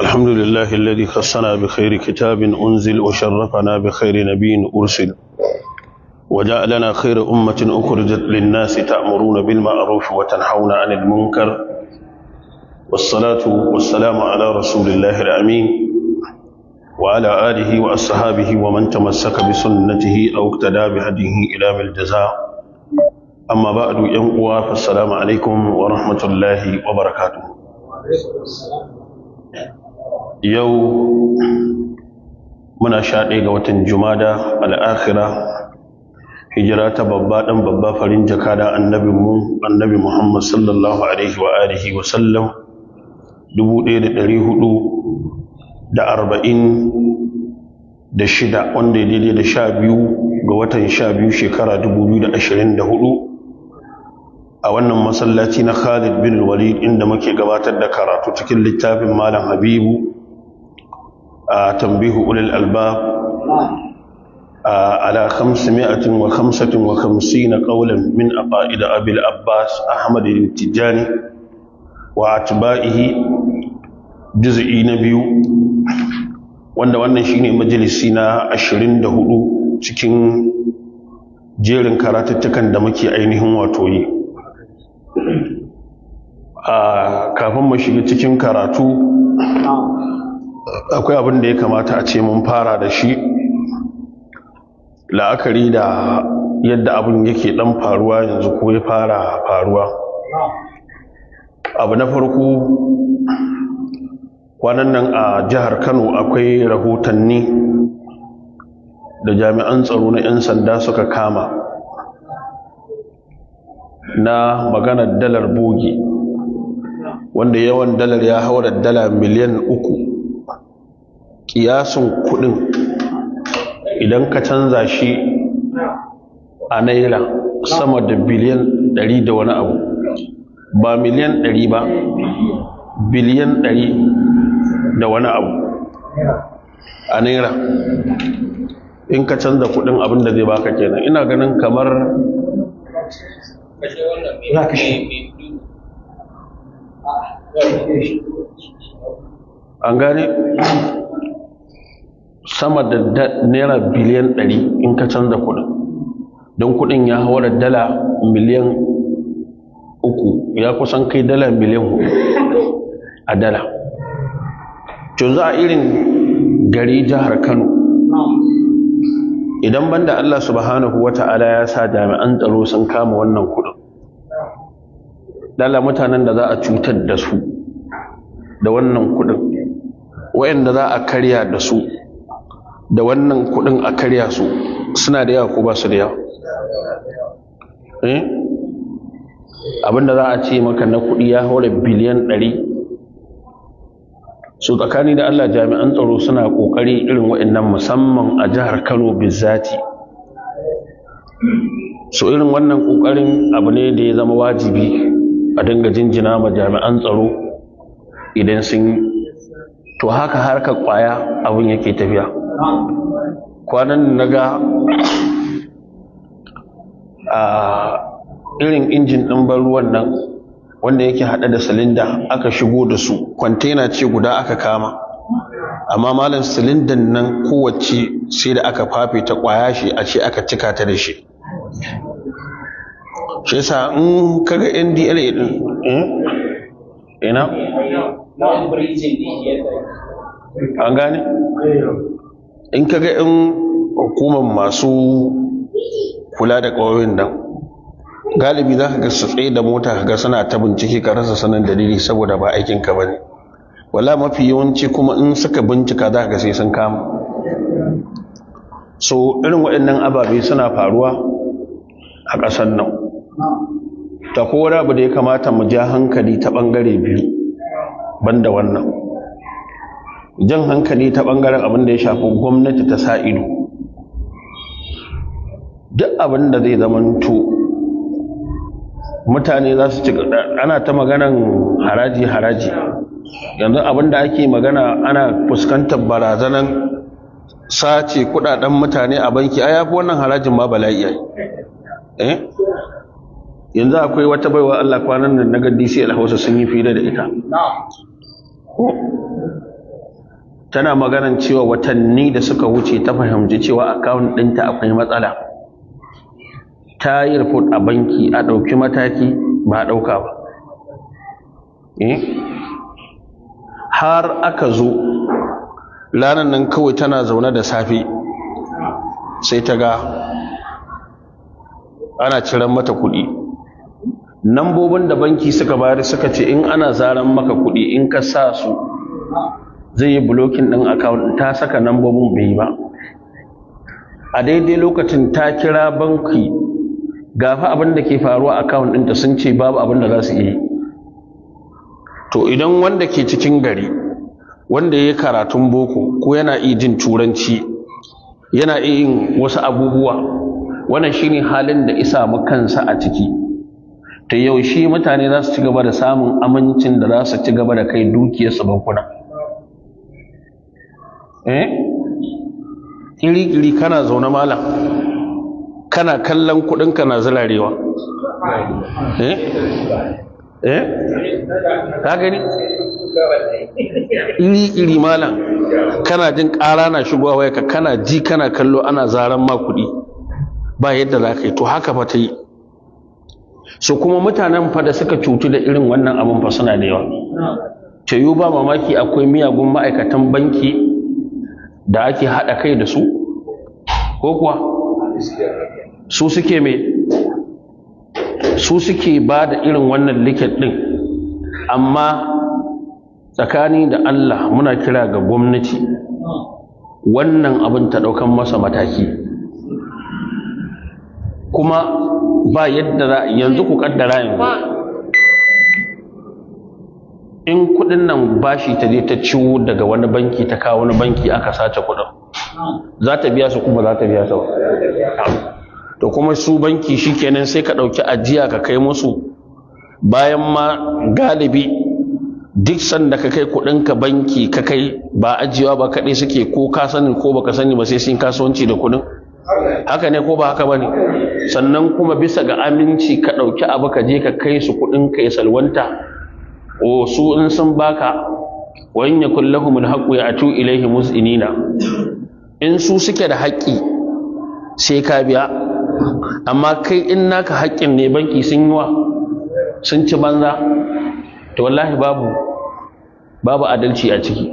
الحمد لله الذي خصنا بخير كتاب أنزل وشرفنا بخير نبي أرسل وجعلنا خير أمة أخرجت للناس تأمرون بالمعروف وتنحون عن المنكر والصلاة والسلام على رسول الله الأمين وعلى آله وأصحابه ومن تمسك بسنته أو اقتدى بهديه إلى الجزاء amma ba a du'yan uwa assalamu alaikum wa rahmatullahi wa barakatu yau muna sha ɗaya ga watan jumada al'akira hijira ta babba ɗan babba farin jaka da annabinmu annabi muhammad sallallahu alaihi wa alihi wa sallam 1446 wanda ya daidai da sha biyu ga watan sha biyu shekara 2024 a wannan masallaci na Khalid bin Walid inda muke gabatar da karatu cikin littafin Malam Habibu a tambihu ulil albab على خمسمائة وخمسة وخمسين قولا من أقائد أبي الأباس أحمد التجاني وأتباعه na biyu. wanda wannan shine majalisi na 24 cikin jerin karatuttukan da muke ainihin wato yi kafin mu shiga cikin karatu akwai abin da ya kamata a ce mun fara da shi la'akari da yadda abin yake dan faruwa yanzu ko ya fara faruwa abu na farko kwanan nan a jihar kano akwai rahotanni da jami'an tsaro na 'yan sanda suka kama na maganar dalar bogi wanda yawan dalar ya hau da dala miliyan uku ƙiyasun kudin idan ka canza shi a naira sama da biliyan ɗari da wani abu ba miliyan ɗari ba biliyan ɗari da wani abu a naira in ka canza kudin abin da zai baka kenan ina ganin kamar za an gane sama da naira biliyan 100 in ka canza kuɗin, don kudin ya da dala miliyan uku ya kusan kai dala miliyan hudu a dala yanzu a irin gari jihar kano idan banda allah subhanahu wa ta'ala ya sa jami'an tsaro sun kama wannan kudin lalla mutanen da za a cutar da su da wannan kuɗin wayanda za a karya da su da wannan kuɗin a karya su suna da yawa ko ba su da yawa eh? abinda za a ce maka na kuɗi ya hore biliyan ɗari su tsakani da Allah jami'an tsaro suna ƙoƙari irin wayannan musamman a jihar Kano bizati so irin wannan ƙoƙarin abu ne da ya zama wajibi a dinga jinjina ma jami'an tsaro idan sun yi to haka harka kwaya abin yake tafiya kwanan na ga a irin injin ɗin ruwan nan wanda yake haɗa da silinda aka shigo da su kwantena ce guda aka kama amma malam silindan nan kowace sai da aka fafe ta kwaya shi a ce aka cika ta da shi shi yasa in kaga ndla din hmm? ina an gane in kaga in hukumar masu kula da ƙwayoyin nan galibi za ka ga tsaye da mota ka ga suna ta bincike ka rasa sanin dalili saboda ba aikin ka bane wala mafi yawanci kuma in suka bincika za ka sai sun kama so irin waɗannan ababe suna faruwa a ƙasar nan ta kora abu da ya kamata mu ja hankali ta ɓangare biyu banda wannan jan hankali ta ɓangaren abin da ya shafi gwamnati ta sa ido duk abin da zai zamanto mutane za su ci ana ta maganan haraji haraji yanzu abin da ake magana ana fuskantar barazanan sace kudaden mutane a banki a yafi wannan harajin ma bala'i eh yanzu akwai wata baiwa Allah kwanan nan na gaddi sai Hausa sun yi fira da ita tana maganan cewa watanni da suka wuce ta fahimci cewa akawun ɗinta akwai matsala ta yi report a banki a ɗauki mataki ba a ɗauka ba eh? har aka zo lanan nan kawai tana zaune da safe sai ta ga ana ciran mata kuɗi nambobin da banki suka bari suka ce in ana zaran maka kuɗi in ka sa su zai yi blocking din account ta saka nambobin bai ba a daidai lokacin ta kira banki gafa abin da ke faruwa account ɗinta sun ce babu abin da za su yi to idan wanda ke cikin gari wanda ya yi karatun boko ko yana iya jin turanci yana iya yin wasu abubuwa wannan shine halin da isa mu kansa a ciki ta yau shi mutane za su ci gaba da samun amincin da za su ci gaba da kai dukiyarsu bankuna eh ƙiri-ƙiri kana zaune malam kana kallon kuɗinka na zilarewa eh eh ka gani iri-iri malam kana jin ƙara na shigowa waya ka kana ji kana kallo ana zaren ma ba yadda za ka yi to haka fa ta yi su kuma mutanen fa da suka cutu da irin wannan abin fa suna da yawa ta yiwu ba mamaki akwai miyagun ma'aikatan banki da ake haɗa kai da su ko kuwa su suke mai su suke ba da irin wannan likit ɗin amma tsakani da Allah muna kira ga gwamnati wannan abin ta ɗaukan masa mataki kuma ba yadda za yanzu ku kaddara yanzu in kudin nan bashi ta je ta ciwo daga wani banki ta kawo wani banki aka sace kudin za ta biya su kuma za ta biya su to kuma su banki shikenan sai ka dauki ajiya ka kai musu bayan ma galibi duk sanda ka kai kudin ka banki ka kai ba ajiyawa ba kadai suke ko ka sani ko baka sani ba sai sun kasuwanci da kudin haka ne ko ba haka bane sannan kuma bisa ga aminci ka ɗauki abu ka je ka kai su kuɗin ka yi salwanta o su in sun baka wayan ya kullahum a ya atu ilaihi musinina in su suke da haƙƙi sai ka biya amma kai in naka haƙƙin ne banki sun yi wa sun ci banza to wallahi babu babu adalci a ciki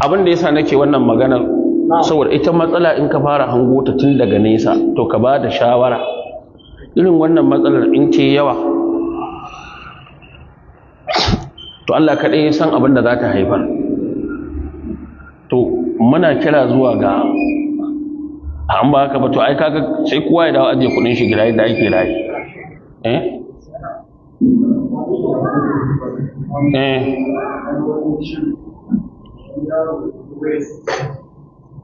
abin da yasa nake wannan maganar saboda ita matsala in ka fara hango ta tun daga nesa to ka ba da shawara irin wannan matsalar in ce yawa to Allah kaɗai ya san abin da za ta haifar to muna kira zuwa ga an ba haka ba to ai kaga sai kowa ya dawo ajiye kuɗin shi gida yadda ake rayu eh eh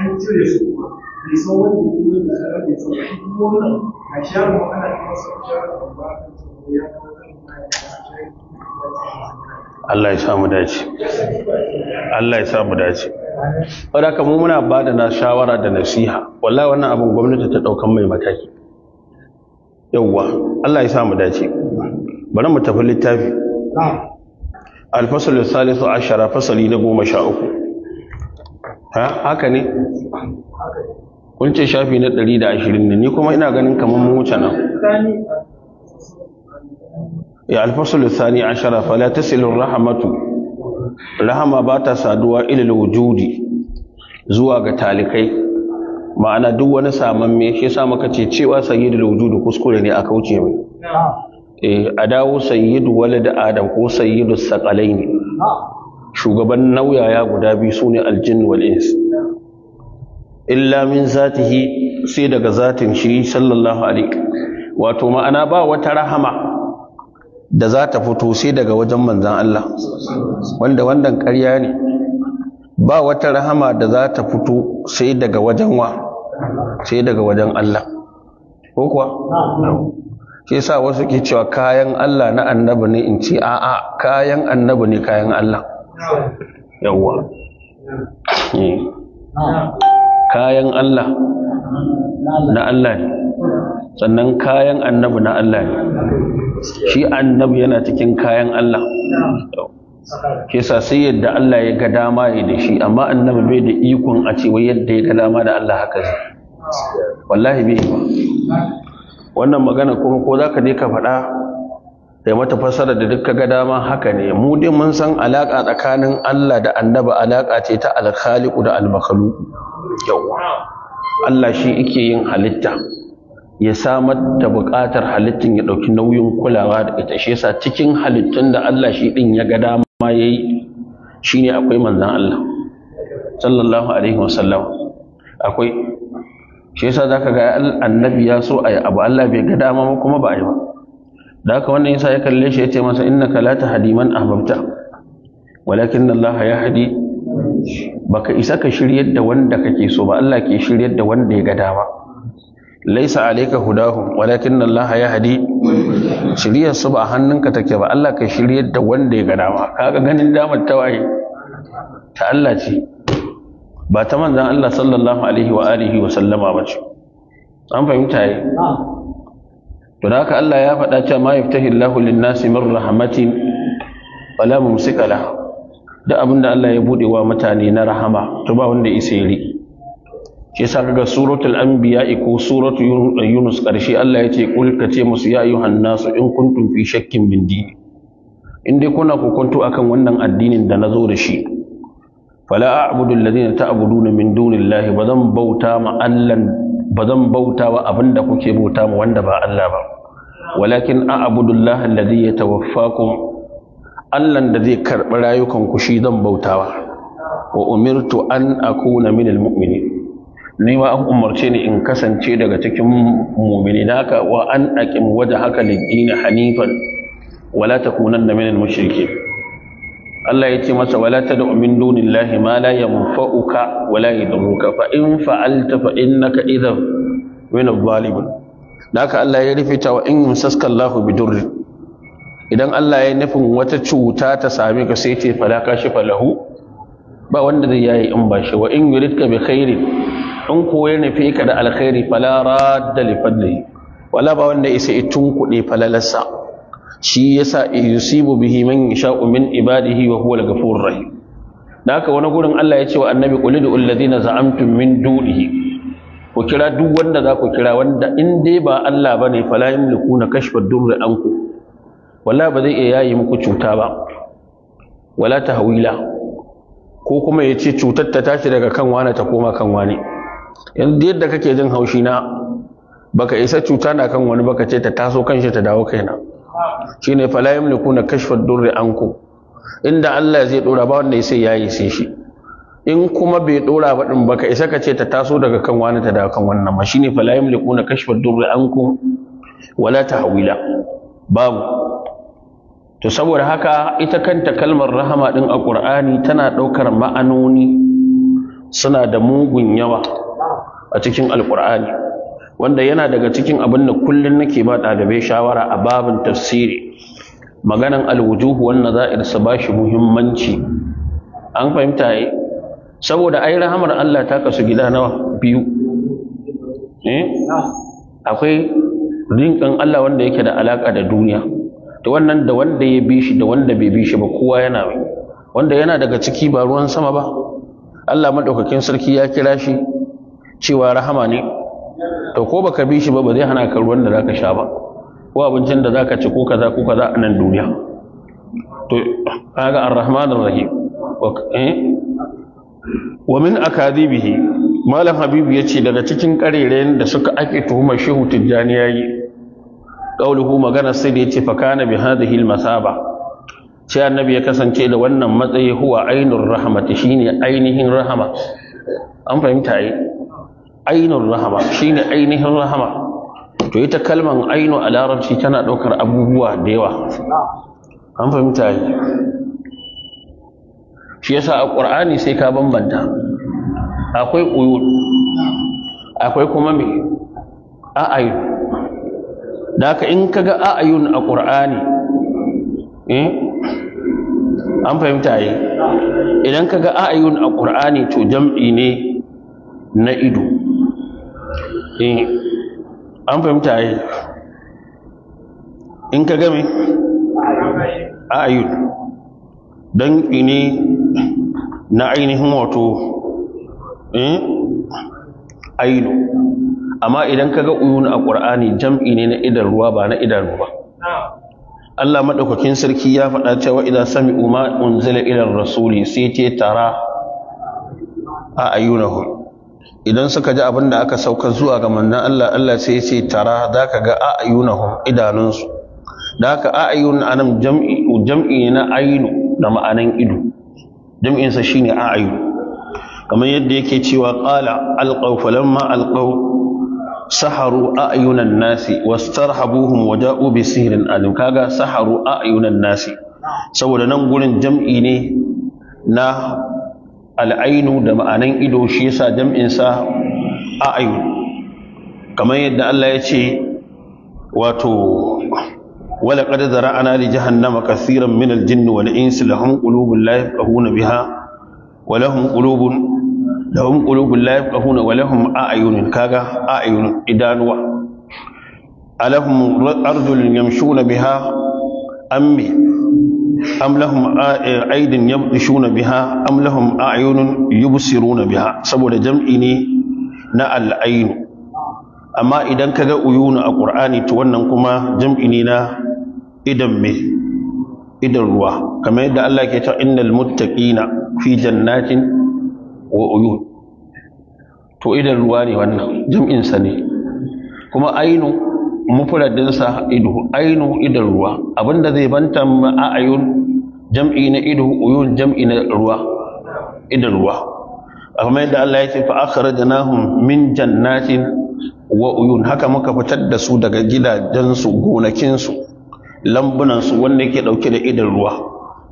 an ba da Allah ya sa mu dace. Allah ya sa mu dace. Wadaka mu muna ba da na shawara da nasiha, wallahi wannan abin gwamnati ta daukan mai mataki. Yawwa, Allah ya sa mu dace. Bari mu tafi littafi. Alfasalin salisu ashara fasali na goma sha uku. haka ne kun ce shafi na 120 ne ni kuma ina ganin kamar mu wuce nan ya alfasul thani ashara fala tasilu rahmatu rahama ba ta saduwa ilal wujudi zuwa ga talikai ma'ana duk wani saman me shi yasa maka ce cewa sayyidul wujudi kuskure ne a kauce mai eh a dawo sayyidu walad adam ko sayyidus saqalaini shugaban nauyaya guda biyu su ne aljin wal'is illa min zatihi sai daga zatin shi sallallahu alaihi wato ma'ana ba wata rahama da za ta fito sai daga wajen manzan Allah wanda wannan ƙarya ne ba wata rahama da za ta fito sai daga wajen wa sai daga wajen Allah ko kuwa ke sa wasu ke cewa kayan Allah na annabi ne in ce a'a kayan annabi ne kayan Allah yawwa eh. kayan Allah na Allah ne sannan kayan annabi na Allah ne shi annabi yana cikin kayan Allah kesa sai yadda Allah ya ga dama ya da shi amma annabi bai da ikon a cewa yadda ya ga dama da Allah haka zai wallahi bai ba wannan magana kuma ko za ka je ka faɗa sai mata fassara da duk ga dama haka ne mu din mun san alaka tsakanin Allah da annaba alaka ce ta al-khaliqu da almakhluq yawa Allah shi yake yin halitta ya samar da buƙatar halittun ya ɗauki nauyin kulawa da ita shi yasa cikin halittun da Allah shi din ya ga dama yayi shine akwai manzon Allah sallallahu alaihi wasallam akwai shi yasa zaka ga annabi ya so ayi abu Allah bai ga dama kuma ba ayi ba da haka wannan yasa ya kalle shi ya ce masa innaka la tahdi man ahbabta walakin Allah ya hadi baka isa ka shiryar da wanda kake so ba Allah ke shiryar da wanda ya ga dama laisa alayka hudahum walakin Allah ya hadi shiryar su ba hannunka take ba Allah ka shiryar da wanda ya ga dama kaga ganin damar tawaye ta Allah ce ba ta manzon Allah sallallahu alaihi wa alihi wa sallama ba ce an fahimta yi to da haka Allah ya faɗa cewa ma yaftahillahu lin-nasi min rahmatin wala mumsika lahu da abinda Allah ya bude wa mutane na rahama to ba wanda isa yi shi yasa kaga suratul anbiya ko suratul yunus karshe eh, Allah ya ce kul masu musu ya ayyuhan nasu in kuntum fi shakkin min dini in dai kuna kokonto akan wannan addinin da nazo da shi fala a'budu alladhina ta'buduna min dunillahi ba zan bauta ma Allah ba zan bauta wa abin da kuke bauta mu wanda ba Allah ba walakin a abudullah alladhi yatawaffakum Allah da zai karɓi rayukan ku shi zan bautawa wa umirtu an akuna minal mu'minin ni ma an umarce ni in kasance daga cikin mu'mini haka wa an aqim wajhaka lid-din hanifan wala takunanna minal mushrikin Allah ya ce masa wala ta tad'u min dunillahi ma la yanfa'uka wala yadurruka damuka. Fa'in fa'alta fa innaka idhan min adh Da haka Allah ya rufe ta wa in yumsaska bi bidurri idan Allah ya nufin wata cuta ta same ka sai ce fala kashifa lahu ba wanda zai yayi in ba shi wa in ka bi khairin in ko ya nufi ka da alkhairi fala radda li fadli wala ba wanda isa itun kuɗe falalarsa shi yasa yusibu bihi man yasha'u min ibadihi wa huwa al-ghafurur rahim da haka wani gurin Allah ya ce wa annabi qul lidul ladina za'amtum min dunihi ku kira duk wanda za ku kira wanda in dai ba Allah bane fala yamlikuna kashfa durri anku wala ba zai iya yayi muku cuta ba wala tahwila ko kuma ya ce cutar ta tashi daga kan wani ta koma kan yanzu yadda kake jin haushi na baka isa cuta na kan wani baka ce ta taso kan shi ta dawo kai na. shine fala yamlikuna kashfa durri ku inda Allah zai dora ba wanda sai yayi sai shi in kuma bai dora ba din baka isa ka ce ta taso daga kan wani ta daga kan wannan ma shine fala yamlikuna kashfa durri ku wala tahwila babu to saboda haka ita kanta kalmar rahama din a Qur'ani tana ɗaukar ma'anoni suna da mugun yawa a cikin alkur'ani wanda yana daga cikin abin da kullum nake ba ɗalibai shawara a babin tafsiri maganan alwujuhu wannan a irsa ba shi muhimmanci an fahimta yi eh? saboda ai rahamar Allah ta kasu gida nawa biyu eh akwai rinkan Allah wanda yake da alaka da duniya da wannan da wanda ya bi shi da wanda bai bi shi ba kowa yana mai wanda yana daga ciki ba ruwan sama ba Allah madaukakin sarki ya kira shi cewa rahama ne to ko baka bi shi ba ba zai hana ka ruwan da zaka sha ba ko abincin da zaka ci ko kaza ko kaza a nan duniya to kaga ar ar rahim eh? wa min akadibihi malam habibu yace daga cikin karerayen da suka ake tuhumar shehu tijjani yayi qauluhu magana sai da yace fa kana bi hadhihi al-masaba ce annabi ya kasance da wannan matsayi huwa ainur rahmat shine ainihin rahama an fahimta yi ainul rahama shine ainihin rahama to ita kalman ainu a larabci tana ɗaukar abubuwa da yawa an fahimta yi shi yasa a ƙur'ani sai ka bambanta akwai uyul akwai kuma mai a'ayun da haka in ka ga a'ayun a ƙur'ani eh, an fahimta yi idan ka ga a'ayun a ƙur'ani to jam'i ne na ido eh, an fahimta ai in ka game ayun dan ne na ainihin wato eh, ainu amma idan ka ga uyun a qur'ani jam'i ne na idan ruwa ba na idanu ba Allah madaukakin sarki ya faɗa cewa idan sami umar unzila ila rasuli sai ce tara a ayyunahum idan suka ji abin da aka sauka zuwa ga mannan Allah Allah sai ya ce tara za ka ga a'ayunahum idanunsu da haka a'ayun anan jam'i jam'i na ainu da ma'anan ido jam'in sa shine a'ayu kamar yadda yake cewa qala alqaw falamma alqaw saharu a'ayunan nasi wastarhabuhum waja'u bi sihrin alim kaga saharu a'ayunan nasi saboda nan gurin jam'i ne na al'ainu da ma'anan ido shi yasa jam'insa a'ayu kamar yadda Allah ya ce wato wala qad zara'ana li jahannama kaseeran min al-jinn wal insi lahum qulubun la yafqahuna biha wa lahum qulubun lahum qulubun la yafqahuna wa lahum a'yunun kaga a'yunun idanuwa alahum arjulun yamshuna biha ammi am lahum e, aidin yabdishuna biha am lahum a'yunun yubsiruna biha saboda jam'i ne na al-ayn amma idan kaga uyunu a qur'ani to wannan kuma jam'i ne na idan me idan ruwa kamar yadda Allah ke cewa innal muttaqina fi jannatin wa uyun to idan ruwa ne wannan jam'in sa ne kuma ainu mufradinsa idu ainu idan ruwa abinda zai banta ma'ayun jam'i na idu uyun jam'i na ruwa idan ruwa amma yadda Allah ya ce fa akhrajnahum min jannatin wa uyun haka muka fitar da su daga gidajensu gonakinsu lambunansu wanda yake dauke da idan ruwa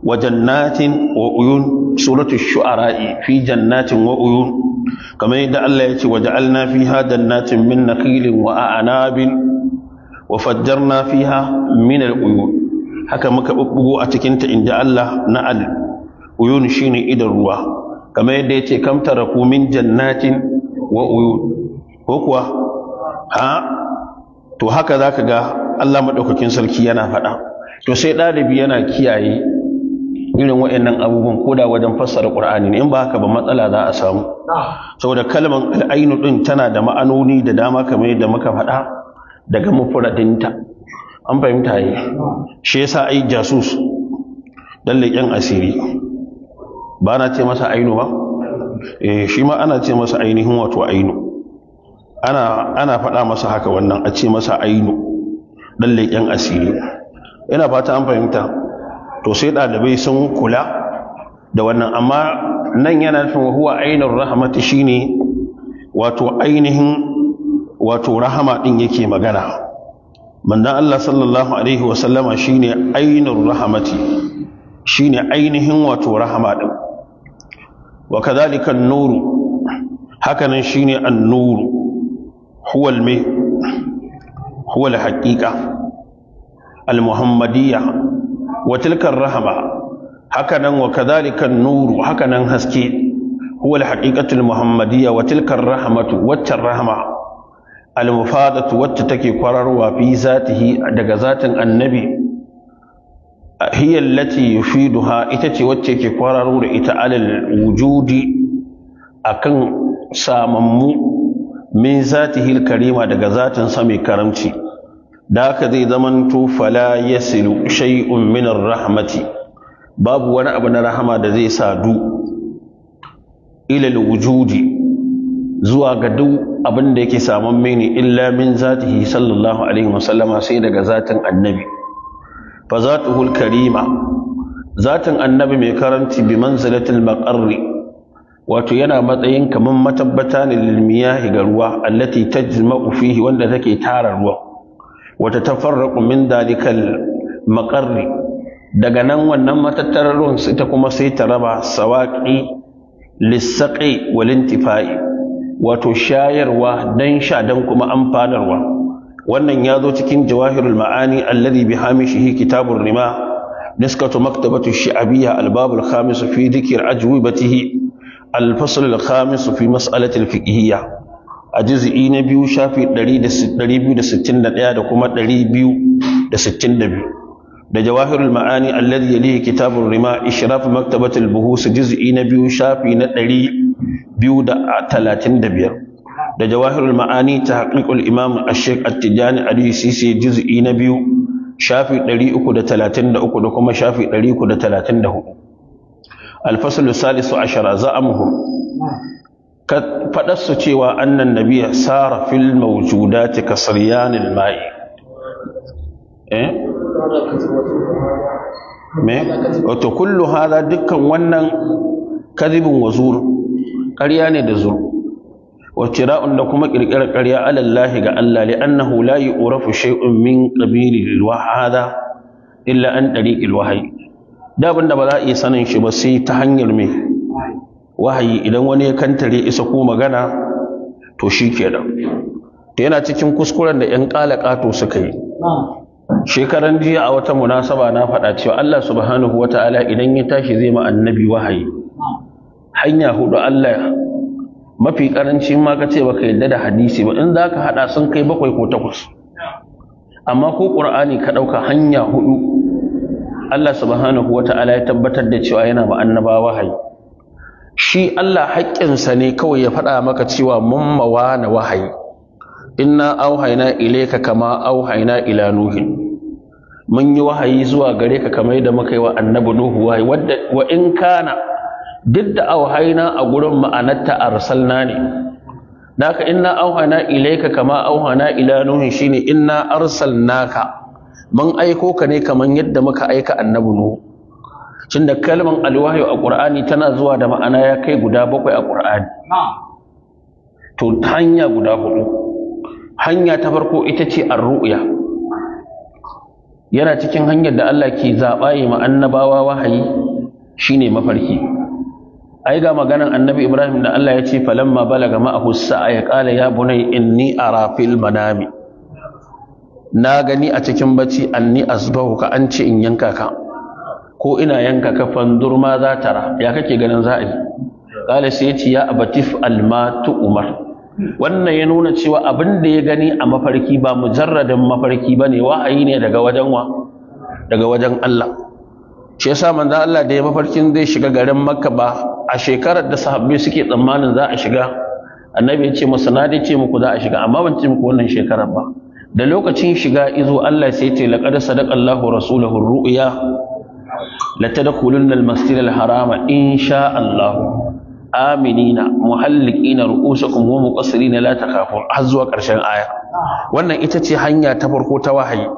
wa jannatin wa uyun suratu shu'ara'i fi jannatin wa uyun kamar yadda Allah ya ce waja'alna fiha jannatin min nakhilin wa a'nabin wa fajjarna fiha min al-uyun haka muka bubbugo a cikin ta inda Allah na al uyun shine idan ruwa kamar yadda yace kam ku min jannatin wa uyun ko kuwa ha to haka zaka ga Allah maɗaukakin sarki yana faɗa to sai ɗalibi yana kiyaye irin waɗannan abubuwan ko da wajen fassara Qur'ani in ba haka ba matsala za a samu saboda kalmar al'ainu ɗin tana da ma'anoni da dama kamar yadda muka faɗa daga mufradinta an fahimta yi shi yasa ai jasus dan leƙen asiri ba na ce masa ainu ba eh shi ma ana ce masa ainihin wato ainu ana faɗa masa haka wannan a ce masa ainu dan leƙen asiri ina fata an fahimta to sai ɗalibai sun kula da wannan amma nan yana nufin huwa ainihin shi ne, wato ainihin wato rahama din yake magana manzon Allah sallallahu alaihi wasallama shine ainur rahamati Shi ne ainihin wato rahama ɗin. wa kadhalika an-nuru hakanan ne an-nuru huwa al-mai huwa al al-muhammadiyya wa tilka rahama hakanan wa kadhalika an-nuru hakanan haske huwa al-haqiqatu muhammadiyya wa tilka ar-rahmatu wa almufadatu wacce take kwararwa fi zatihi daga zatin annabi hiya allati yufiduha ita ce wacce ke kwararo da ita alal wujudi akan samammu min zatihi karima daga zatin sa mai karamci da haka zai zamanto fala yasilu shay'un min rahmati babu wani abu na rahama da zai sadu ilal wujudi zuwa ga duk abin da yake saman mini illa min zatihi sallallahu alaihi wasallama sai daga zatin annabi fa zatuhul karima zatin annabi mai karanti bi manzilatil maqarri wato yana matsayin kamar matabbata ne lil miyahi ga ruwa allati tajma'u fihi wanda take tara ruwa wata tafarraqu min dalikal maqarri daga nan wannan matattarar ruwan sai ta kuma sai ta raba sawaqi lisaqi walintifa'i. wato shayarwa dan sha dan kuma amfanarwa wannan ya zo cikin jawahirul ma'ani alladhi bi hamishihi kitabur rima niskatu maktabatu shi'abiyya albabul khamis fi dhikr ajwibatihi الفصل الخامس في مسألة الفقهية أجزء إينا بيو شافي دليل دليبيو دستين دليا دكما دليبيو دستين دليبيو دجواهر المعاني الذي يليه كتاب الرماء إشراف مكتبة البهوس جزء إينا بيو شافي ندليل biyu da talatin da biyar da jawahirul ma'ani ta haƙiƙul imam ashek attijani ali sisi juz'i na biyu shafi 333 da kuma shafi 334 alfasul salisu ashara za'amuhum ka fadar su cewa annan nabiyya sara fil mawjudati kasriyanil ma'i eh me wato kullu hada dukkan wannan kadibin wazur ƙarya ne da zur وابتداء لكم قرقر قريا على الله الله لأنه لا يعرف شيء من قبيل هذا إلا عن طريق الوحي da abin da ba za a yi sanin shi ba sai ta hanyar me. wahayi idan wani ya kantare isa ko magana to shi to yana cikin kuskuren da yan kalakato suka yi shekaran jiya a wata munasaba na faɗa cewa Allah subhanahu wata'ala idan ya tashi zai ma annabi wahayi hanya hudu Allah mafi karanci ma ka ce baka yadda da hadisi ba in zaka hada sun kai bakwai ko takwas amma ko qur'ani ka dauka hanya hudu Allah subhanahu wata'ala ya tabbatar da cewa yana ba annaba wahayi shi Allah sa ne kawai ya faɗa maka cewa mun mawa na wahayi inna auhayna ilayka kama auhaina ila nuhin mun yi wahayi zuwa gare ka kamar yadda muka yi wa annabi nuhu wahayi wa in kana duk da auhaina a gurin ma'anarta arsalna ne naka inna auhana ilaika kama auhana ila nuhin shine inna arsalnaka mun aiko ka ne kaman yadda muka aika annabi nuhu tun da kalmar alwahyu a qur'ani tana zuwa da ma'ana ya kai guda bakwai a qur'ani to hanya guda hudu hanya ta farko ita ce ar-ru'ya yana cikin hanyar da Allah ke zaɓa yi ma annabawa wahayi shine mafarki ai ga maganan annabi ibrahim da Allah ya ce falamma balaga ma'ahu sa'a ya bunai ya ni a rafil manami na gani a cikin bacci an ni asbahu ka an ce in yanka ka ko ina yanka ka fandur ma za tara ya kake ganin za a yi sai ya ce ya abatif alma umar wannan ya nuna cewa abin da ya gani a mafarki ba mujarradin mafarki ba ne wa'ayi ne daga wajen wa daga wajen Allah shi sa manzan Allah da ya mafarkin zai shiga garin Makka ba a shekarar da sahabbai suke tsammanin za a shiga annabi ya ce masa na dai ce muku za a shiga amma ban ce muku wannan shekarar ba da lokacin shiga izo Allah sai ce laqad sadaqallahu rasuluhu ru'ya la tadkhulunna al-masjid al-harama insha Allah aminina muhalliqina ru'usakum wa muqassirina la takhafun har zuwa ƙarshen aya wannan ita ce hanya ta farko ta wahayi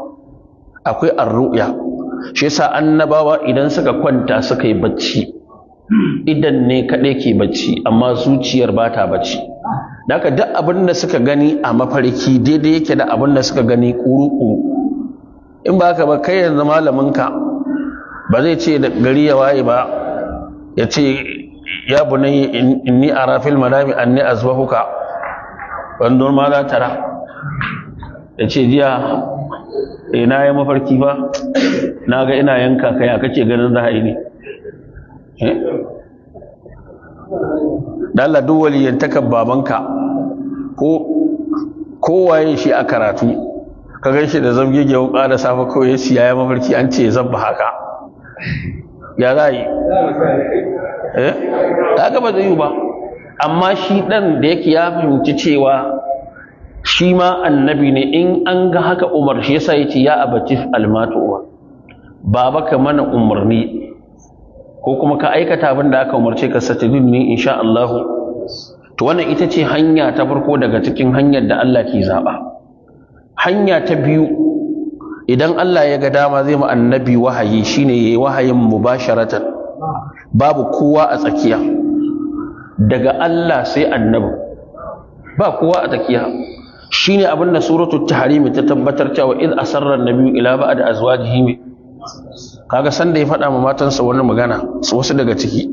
akwai ar-ru'ya shi yasa annabawa idan suka kwanta suka yi bacci idan ne kaɗai ke bacci amma zuciyar ba ta bacci daga duk abin da suka gani a mafarki daidai yake da abin da suka gani ƙuru-ƙuru in ba ka ba kai yanzu malaminka ba zai ce da gari ya waye ba ya ce ya a inni ara fil a anni huka wandon ma za tara ya ce jiya eh, na yi mafarki ba na ga ina yanka kai a kake ganin za a yi ne Eh? dalla duk waliyantakar babanka ko kowaye shi a karatu ka gan shi da zamge gewa da safe kawai ya siya ya mafarki an ce zabba haka ya za yi eh? ta gaba zai yi ba amma shi ɗan da yake ya fahimci cewa shi ma annabi ne in an ga haka umar shi yasa yace ya abatif almatuwa baba ka mana umarni ko kuma ka aikata abin da aka umarce ka bin ni insha Allah to wannan ita ce hanya ta farko daga cikin hanyar da Allah ke zaba hanya ta biyu idan Allah ya ga dama zai mu annabi wahayi shine yayi wahayin mubasharatan babu kowa a tsakiya daga Allah sai annabi ba kowa a tsakiya shine abin da suratul tahrim ta tabbatar cewa id asarra an-nabiyyu ila ba'd azwajihi kaga san da ya faɗa ma matansa wani magana wasu daga ciki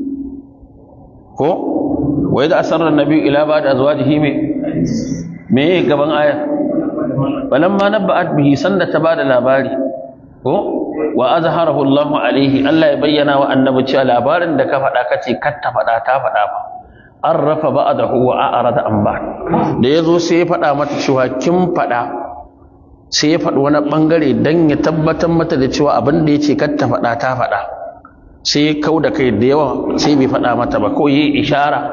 ko wa yadda asarar nabi ila ba da zuwa jihi me me gaban aya balan ma na ba'ad bihi sanda ta ba da labari ko wa azharahu Allahu alaihi Allah ya bayyana wa annabi cewa labarin da ka faɗa kace kar ta faɗa ta faɗa ba an rafa ba'dahu wa a'rada an ba da yazo sai ya faɗa mata cewa kin faɗa sai ya faɗi wani ɓangare don ya tabbatar mata da cewa abin da ya ce kar ta faɗa ta faɗa sai ya kau da kai da yawa sai bai faɗa mata ba ko yi ishara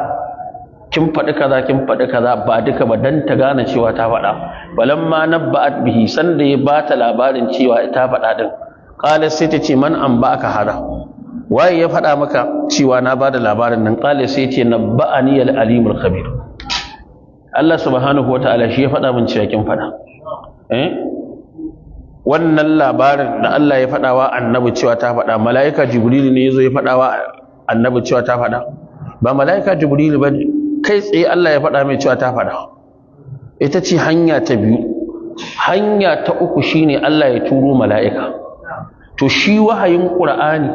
kin faɗi kaza kin faɗi kaza ba duka ba don ta gane cewa ta faɗa Balan ma na nabba'at bihi sanda ya bata labarin cewa ta faɗa din qala sai ta ce man an ba'aka hada waye ya faɗa maka cewa na bada labarin nan qala sai ce na nabba'ani al-alimul khabir Allah subhanahu wa ta'ala shi ya faɗa min cewa kin faɗa Eh? wannan labarin da Allah ya faɗawa annabi cewa ta faɗa mala'ika jibril ne yazo ya faɗawa annabi cewa ta faɗa ba mala'ika Jibril ba kai tsaye Allah ya faɗa mai cewa ta faɗa ita ce hanya ta biyu hanya ta uku shine Allah ya turo mala'ika to shi wahayin qur'ani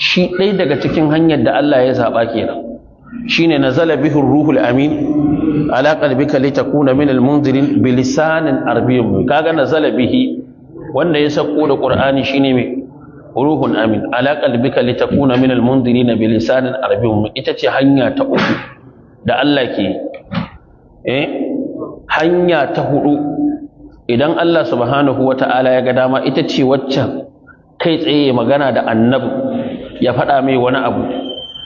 shi ɗaya daga cikin hanyar da Allah ya zaɓa kenan shine nazala bihi ruhul amin ala qalbika takuna min almunzirin bilisanin arabiyyin kaga nazala bihi wanda ya sako da qur'ani shine mai ruhun amin ala qalbika takuna min almunzirin bilisanin arabiyyin ita ce hanya ta uku da Allah ke eh hanya ta hudu idan Allah subhanahu wata'ala ya ga dama ita ce waccan kai tsaye magana da annabi ya faɗa mai wani abu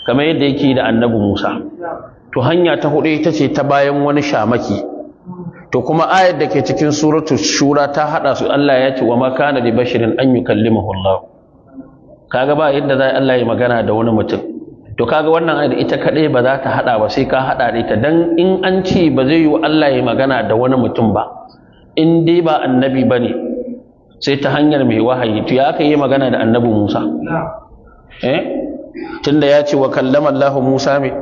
kamar yadda yake da annabi Musa to hanya ta hudu ita ce ta bayan wani shamaki to kuma ayar da ke cikin suratu shura ta hada su Allah ya ce wa ma kana li basharin an yukallimahu Allah kaga ba yadda zai Allah ya magana da wani mutum to kaga wannan ayar ita kadai ba za ta hada ba sai ka hada da ita dan in an ce ba zai yi Allah ya magana da wani mutum ba in dai ba annabi bane sai ta hanyar mai wahayi to ya aka yi magana da annabi Musa eh tunda ya ce wa kallama Allahu Musa mai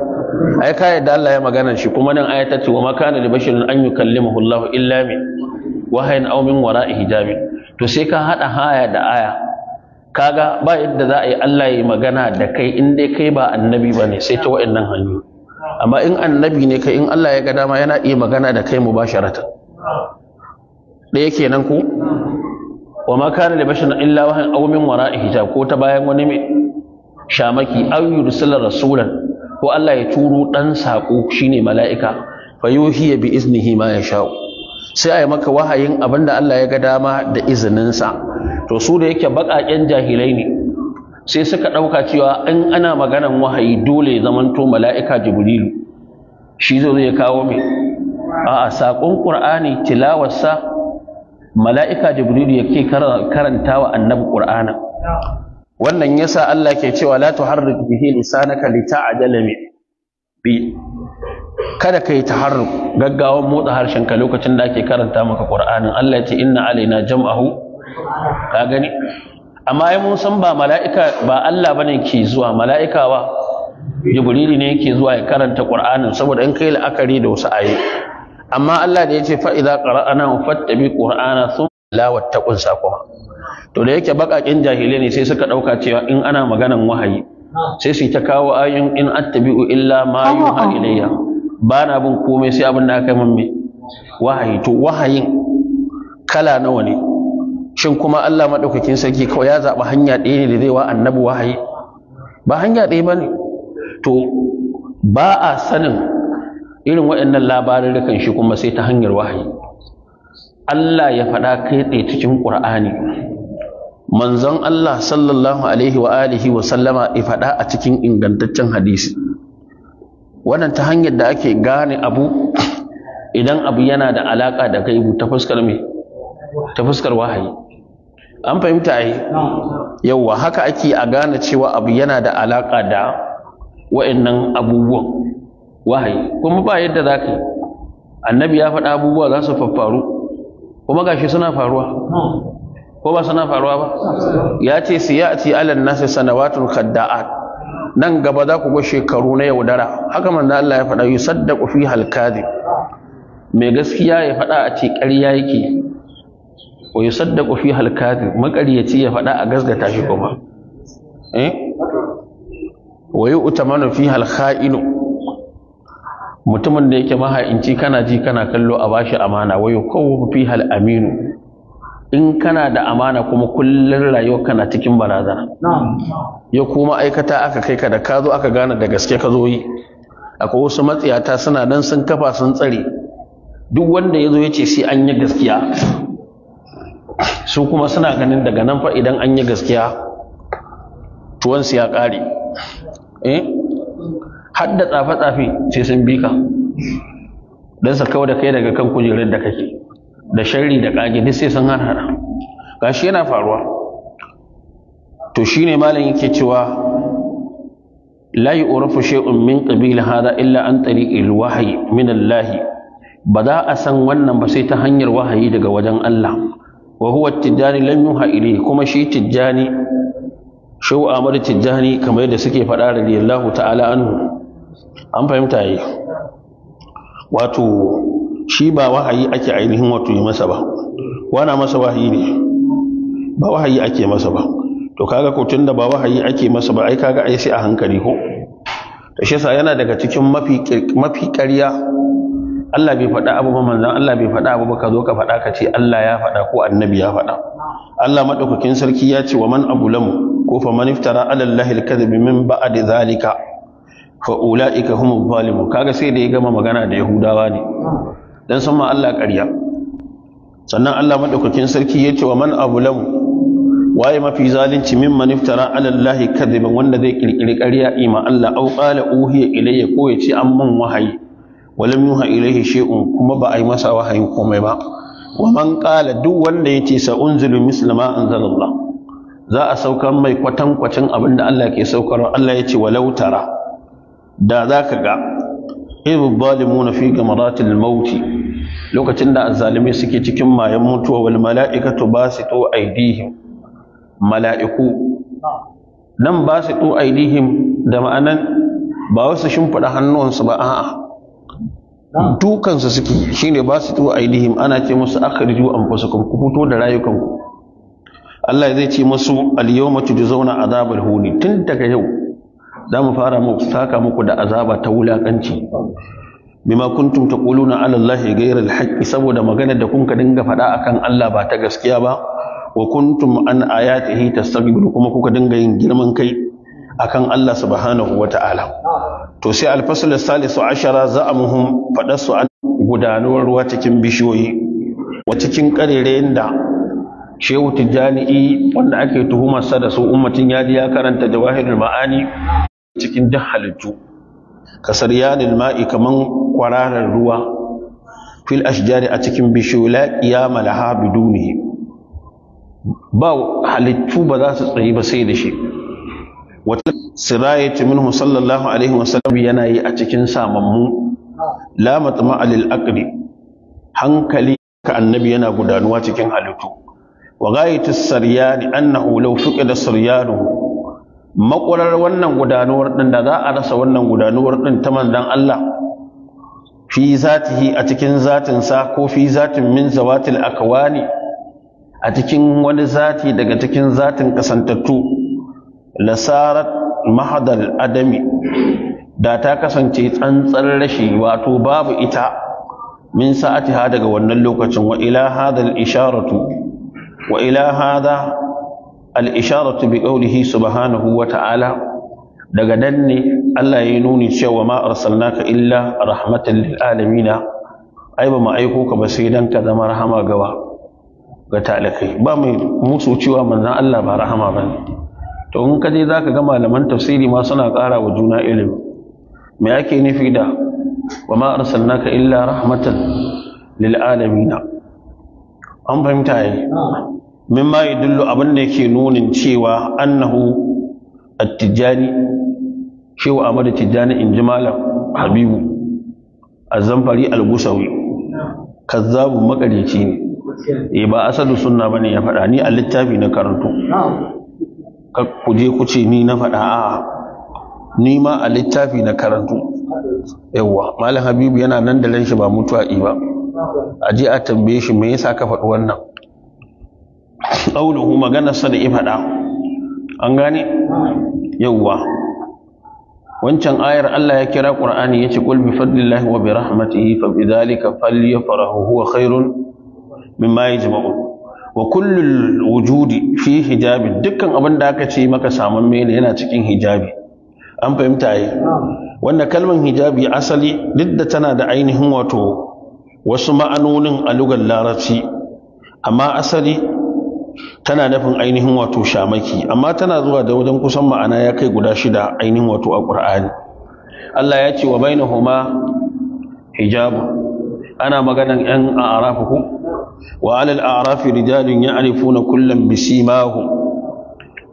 ai ka yadda Allah ya magana shi kuma nan ayata ce wa ma kana li basharin an yukallimahu Allahu illa min wahayin aw min wara'i hijabi to sai ka hada haya da aya kaga ba yadda za a yi Allah ya magana da kai in dai kai ba annabi ba ne sai ta wa'annan hanyoyi amma in annabi ne kai in Allah ya ga dama yana iya magana da kai mubasharatan ɗaya kenan ku wa ma kana li basharin illa wahayin aw min wara'i hijabi ko ta bayan wani me? shamaki yi rusular rasulan ko Allah ya turo saƙo shi ne mala'ika fa ya bi iznihi ma sha'o. sai yi maka wahayin abin da Allah ya ga dama da izininsa. to su da yake baƙaƙen jahilai ne sai suka ɗauka cewa in ana maganan wahayi dole zamanto mala'ika jibrilu shi zai kawo mai a'a saƙon qur'ani tilawarsa mala'ika jibrilu ya yake karantawa annabi qur'ana wannan yasa Allah ke cewa la tuharrik bihi lisanaka lita'jala bi kada kai taharruk gaggawan motsa harshenka lokacin da ake karanta maka Qur'anin Allah ya ce inna alaina jam'ahu ka gani amma ai mun san ba mala'ika ba Allah bane ke zuwa mala'ika ba Jibrili ne yake zuwa ya karanta Qur'anin saboda in kai la'akari da wasu ayoyi amma Allah da ya ce fa idza qara'ana fattabi qur'ana thumma la wattaqun sakuma to da yake bakakin jahilai ne sai suka dauka cewa in ana maganan wahayi sai su ta kawo ayin in attabi'u illa ma yuha ilayya ba na bin komai sai abin da aka yi mamme wahayi to wahayin kala nawa ne shin kuma Allah madaukakin sarki kawai ya zaɓi hanya ɗaya ne da zai wa annabi wahayi ba hanya ɗaya ba ne to ba a sanin irin waɗannan kan shi kuma sai ta hanyar wahayi Allah ya faɗa kai tsaye cikin ƙur'ani manzon Allah sallallahu alaihi wa alihi wa sallama ya faɗa a cikin ingantaccen hadisi wannan ta hanyar da ake gane abu idan abu yana da alaka da kai ta fuskar me ta fuskar wahayi an fahimta ai yawa haka ake a gane cewa abu yana da alaka da wa'annan abubuwan wahayi kuma ba yadda za ka yi annabi ya faɗa abubuwa za su faffaru kuma gashi suna faruwa ko ba suna faruwa ba ya ce siyati alal nasi sanawatul kadda'at nan gaba za ku ga shekaru na yaudara haka manzo Allah ya faɗa yusaddaqu fi halkadib mai gaskiya ya faɗa a ce ƙarya yake wa yusaddaqu fi halkadib maƙaryaci ya faɗa a gasgata shi kuma eh wa yu'tamanu fi halkha'inu mutumin da yake maha'inci kana ji kana kallo a bashi amana wayo kawo fi hal aminu in kana da amana kuma kullum rayuwar kana cikin barazana ya kuma aikata aka kai ka da ka zo aka gane da gaske ka zo yi akwai wasu matsiyata suna nan sun kafa sun tsare duk wanda ya zo ya ce sai an yi gaskiya su kuma suna ganin daga nan fa idan an yi gaskiya tuwansu ya ƙare eh har da tsafe-tsafe sai sun bi ka don sa kawo da kai daga kan kujerar da kake da sharri da kage duk sai sun harhara gashi yana faruwa to shine malam yake cewa layi yu'rafu shay'un min qabil hada illa an tariqil wahyi min ba za a san wannan ba sai ta hanyar wahayi daga wajen Allah wa huwa tijjani lam yuha kuma shi tijjani shau amadu tijjani kamar yadda suke faɗa radiyallahu ta'ala anhu an fahimta yi wato shi ba wahayi ake ainihin wato yi masa ba wana masa wahayi ne ba wahayi ake masa ba to kaga ko tunda ba wahayi ake masa ba ai kaga ai sai a hankali ko to shi yasa yana daga cikin mafi mafi ƙarya Allah bai faɗa abu ba manzon Allah bai faɗa abu ba ka zo ka faɗa ka ce Allah ya faɗa ko annabi ya faɗa Allah madaukakin sarki ya ce wa man abulamu ko fa man iftara ala Allahi al-kadhib min ba'd zalika fa ulaika humu zalimun kaga sai da ya gama magana da Yahudawa ne dan sun ma Allah ƙarya sannan Allah madaukakin sarki ya ce wa man abu lam waye mafi zalunci min man iftara ala Allah kadiban wanda zai kirkiri ƙarya ima Allah au qala uhiya ilayya ko ya an mun wahayi walam yuha ilayhi shay'un kuma ba a yi masa wahayin komai ba wa man qala duk wanda yace sa unzilu mislama anzalallah za a saukar mai kwatankwacin abin da Allah ke saukarwa Allah yace ce walau tara da za ka ga idh zalimuna fi gamaratil maut lokacin da azzalimai suke cikin mayan mutuwa wal mala'ikatu basitu aidihim mala'iku nan basitu aidihim da ma'anan ba wasu shimfiɗa hannuwansu ba a'a dukansu suke shine basitu aidihim ana ce musu an anfusakum ku fito da rayukanku Allah zai ce musu al zauna a zabar huni tun daga yau za mu fara mu saka muku da azaba ta wulakanci bima kuntum taquluna ala allahi ghayra alhaqq saboda maganar da kun dinga faɗa akan Allah ba ta gaskiya ba wa kuntum an ayatihi tastaghfiru kuma kuka dinga yin girman kai akan Allah subhanahu wata'ala to sai alfasl salisu ashara za'amuhum fadasu su an gudanuwar ruwa cikin bishiyoyi wa cikin karerayen da shehu tijjani'i wanda ake tuhumar sa da su ummatin yadi ya karanta jawahirul ma'ani cikin duk halittu kasar yanin ma'i kaman kwararar ruwa fil ashjari a cikin bishiyu la qiyama biduni ba halittu ba za su tsayi ba sai da shi wata sirayati minhu sallallahu alaihi wasallam yana yi a cikin samammu la matma'a lil hankali ka annabi yana gudanuwa cikin halittu wa ghayatu saryani annahu law fuqida saryanuhu makwarar wannan gudanuwar ɗin da za a rasa wannan gudanuwar ɗin ta manzan Allah fi zatihi a cikin zatinsa ko fi zatin min zawatil akwani a cikin wani zati daga cikin zatin kasantattu lasarat mahadal adami da ta kasance tsantsar rashi wato babu ita min ha daga wannan lokacin wa ila hadal isharatu wa ila hada al-isharatu bi qawlihi subhanahu wa ta'ala daga nan ne Allah ya nuni cewa ma arsalnaka illa rahmatan lil'alami na? ai ba mu aiko ka ba sai dan ka zama rahama gawa ga talakai ba mai musu cewa manzan Allah ba rahama ne. to in ka je zaka ga malaman tafsiri ma suna ƙara wa juna ilimi me ake nufi da wa ma arsalnaka illa rahmatan lil'alami na? an fahimta yi mimma yadullu abin da yake nunin cewa annahu at-tijani shewa amadu tijani in ji malam habibu A zamfari al-gusawi kazzabu makareci ne eh ba asalu sunna ne ya faɗa ni a littafi na karanto ku je ku ce ni na faɗa a ni ma a littafi na karanto yawwa malam habibu yana nan da shi ba mutuwa ba a je a tambaye shi me yasa ka faɗi wannan ƙauluhu maganarsa da ifaɗa an gane yauwa wancan ayar Allah ya kira ƙur'ani ya ce bi fadlillahi wa bi rahmatihi fa ya falyafrahu huwa khairun mimma yajma'un wa kullum wujudi fi hijabi dukkan abin da aka ce maka saman mene yana cikin hijabi an fahimta yi wanda kalmar hijabi asali duk da tana da ainihin wato wasu ma'anonin a lugar larabci amma asali tana nufin ainihin wato shamaki amma tana zuwa da wajen kusan ma'ana ya kai guda shida ainihin wato a ƙur'ani Allah ya ce wa homa hijabu ana maganan yan a'rafu ku wa alal a'rafi rijalun ya'rifuna kullum bisimahu.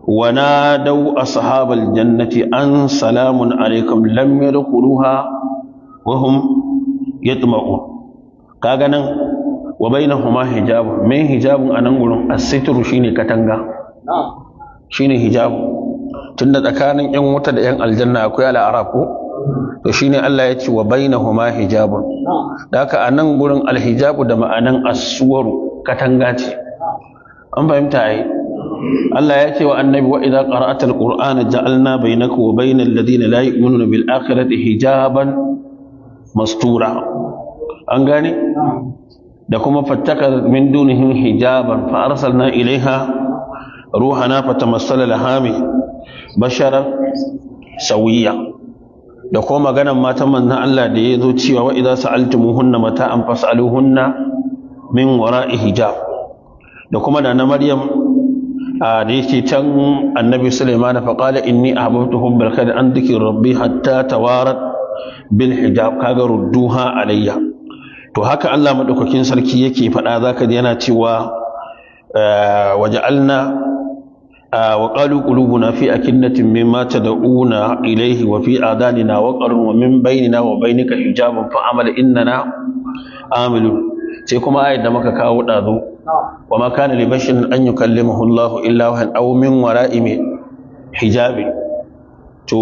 wa a ashabal jannati an salamun alaikum lam yadkhuluha wa hum yatma'un kaga nan wa bainahuma hijabun min hijabun a nan gurin as-sitru shine katanga shine hijabu tunda tsakanin yan wuta da yan aljanna akwai al ko to shine Allah ya ce wa bainahuma hijabun da haka a nan gurin al da ma'anan as katanga ce an fahimta ai Allah ya ce wa annabi wa idza qara'ata al-qur'ana ja'alna bainaka wa bainal ladina la yu'minuna bil akhirati hijaban mastura an gane da kuma fattakar min dunihim hijaban fa arsalna ilaiha ruhana fata laha min bashara sawiya da kuma maganan matan manzon Allah da ya zo cewa wa idza sa'altumuhunna mata'an fas'aluhunna min wara'i hijab da kuma da na Maryam a da yake can Annabi Sulaiman fa qala inni ahbabtuhum bil khair an dhikri rabbi hatta tawarat bil hijab kaga rudduha alayya to haka Allah madaukakin sarki yake faɗa zaka ji yana cewa eh, waja'alna eh, wa qalu qulubuna fi mata mimma tad'una ilayhi wa fi adanina wa qarun wa min bainina wa bainika hijabun fa amal innana amilu sai kuma ayat da muka kawo ɗazu. wa ma kana li bashin an kalli Allah illa wa aw min wara'i hijabi to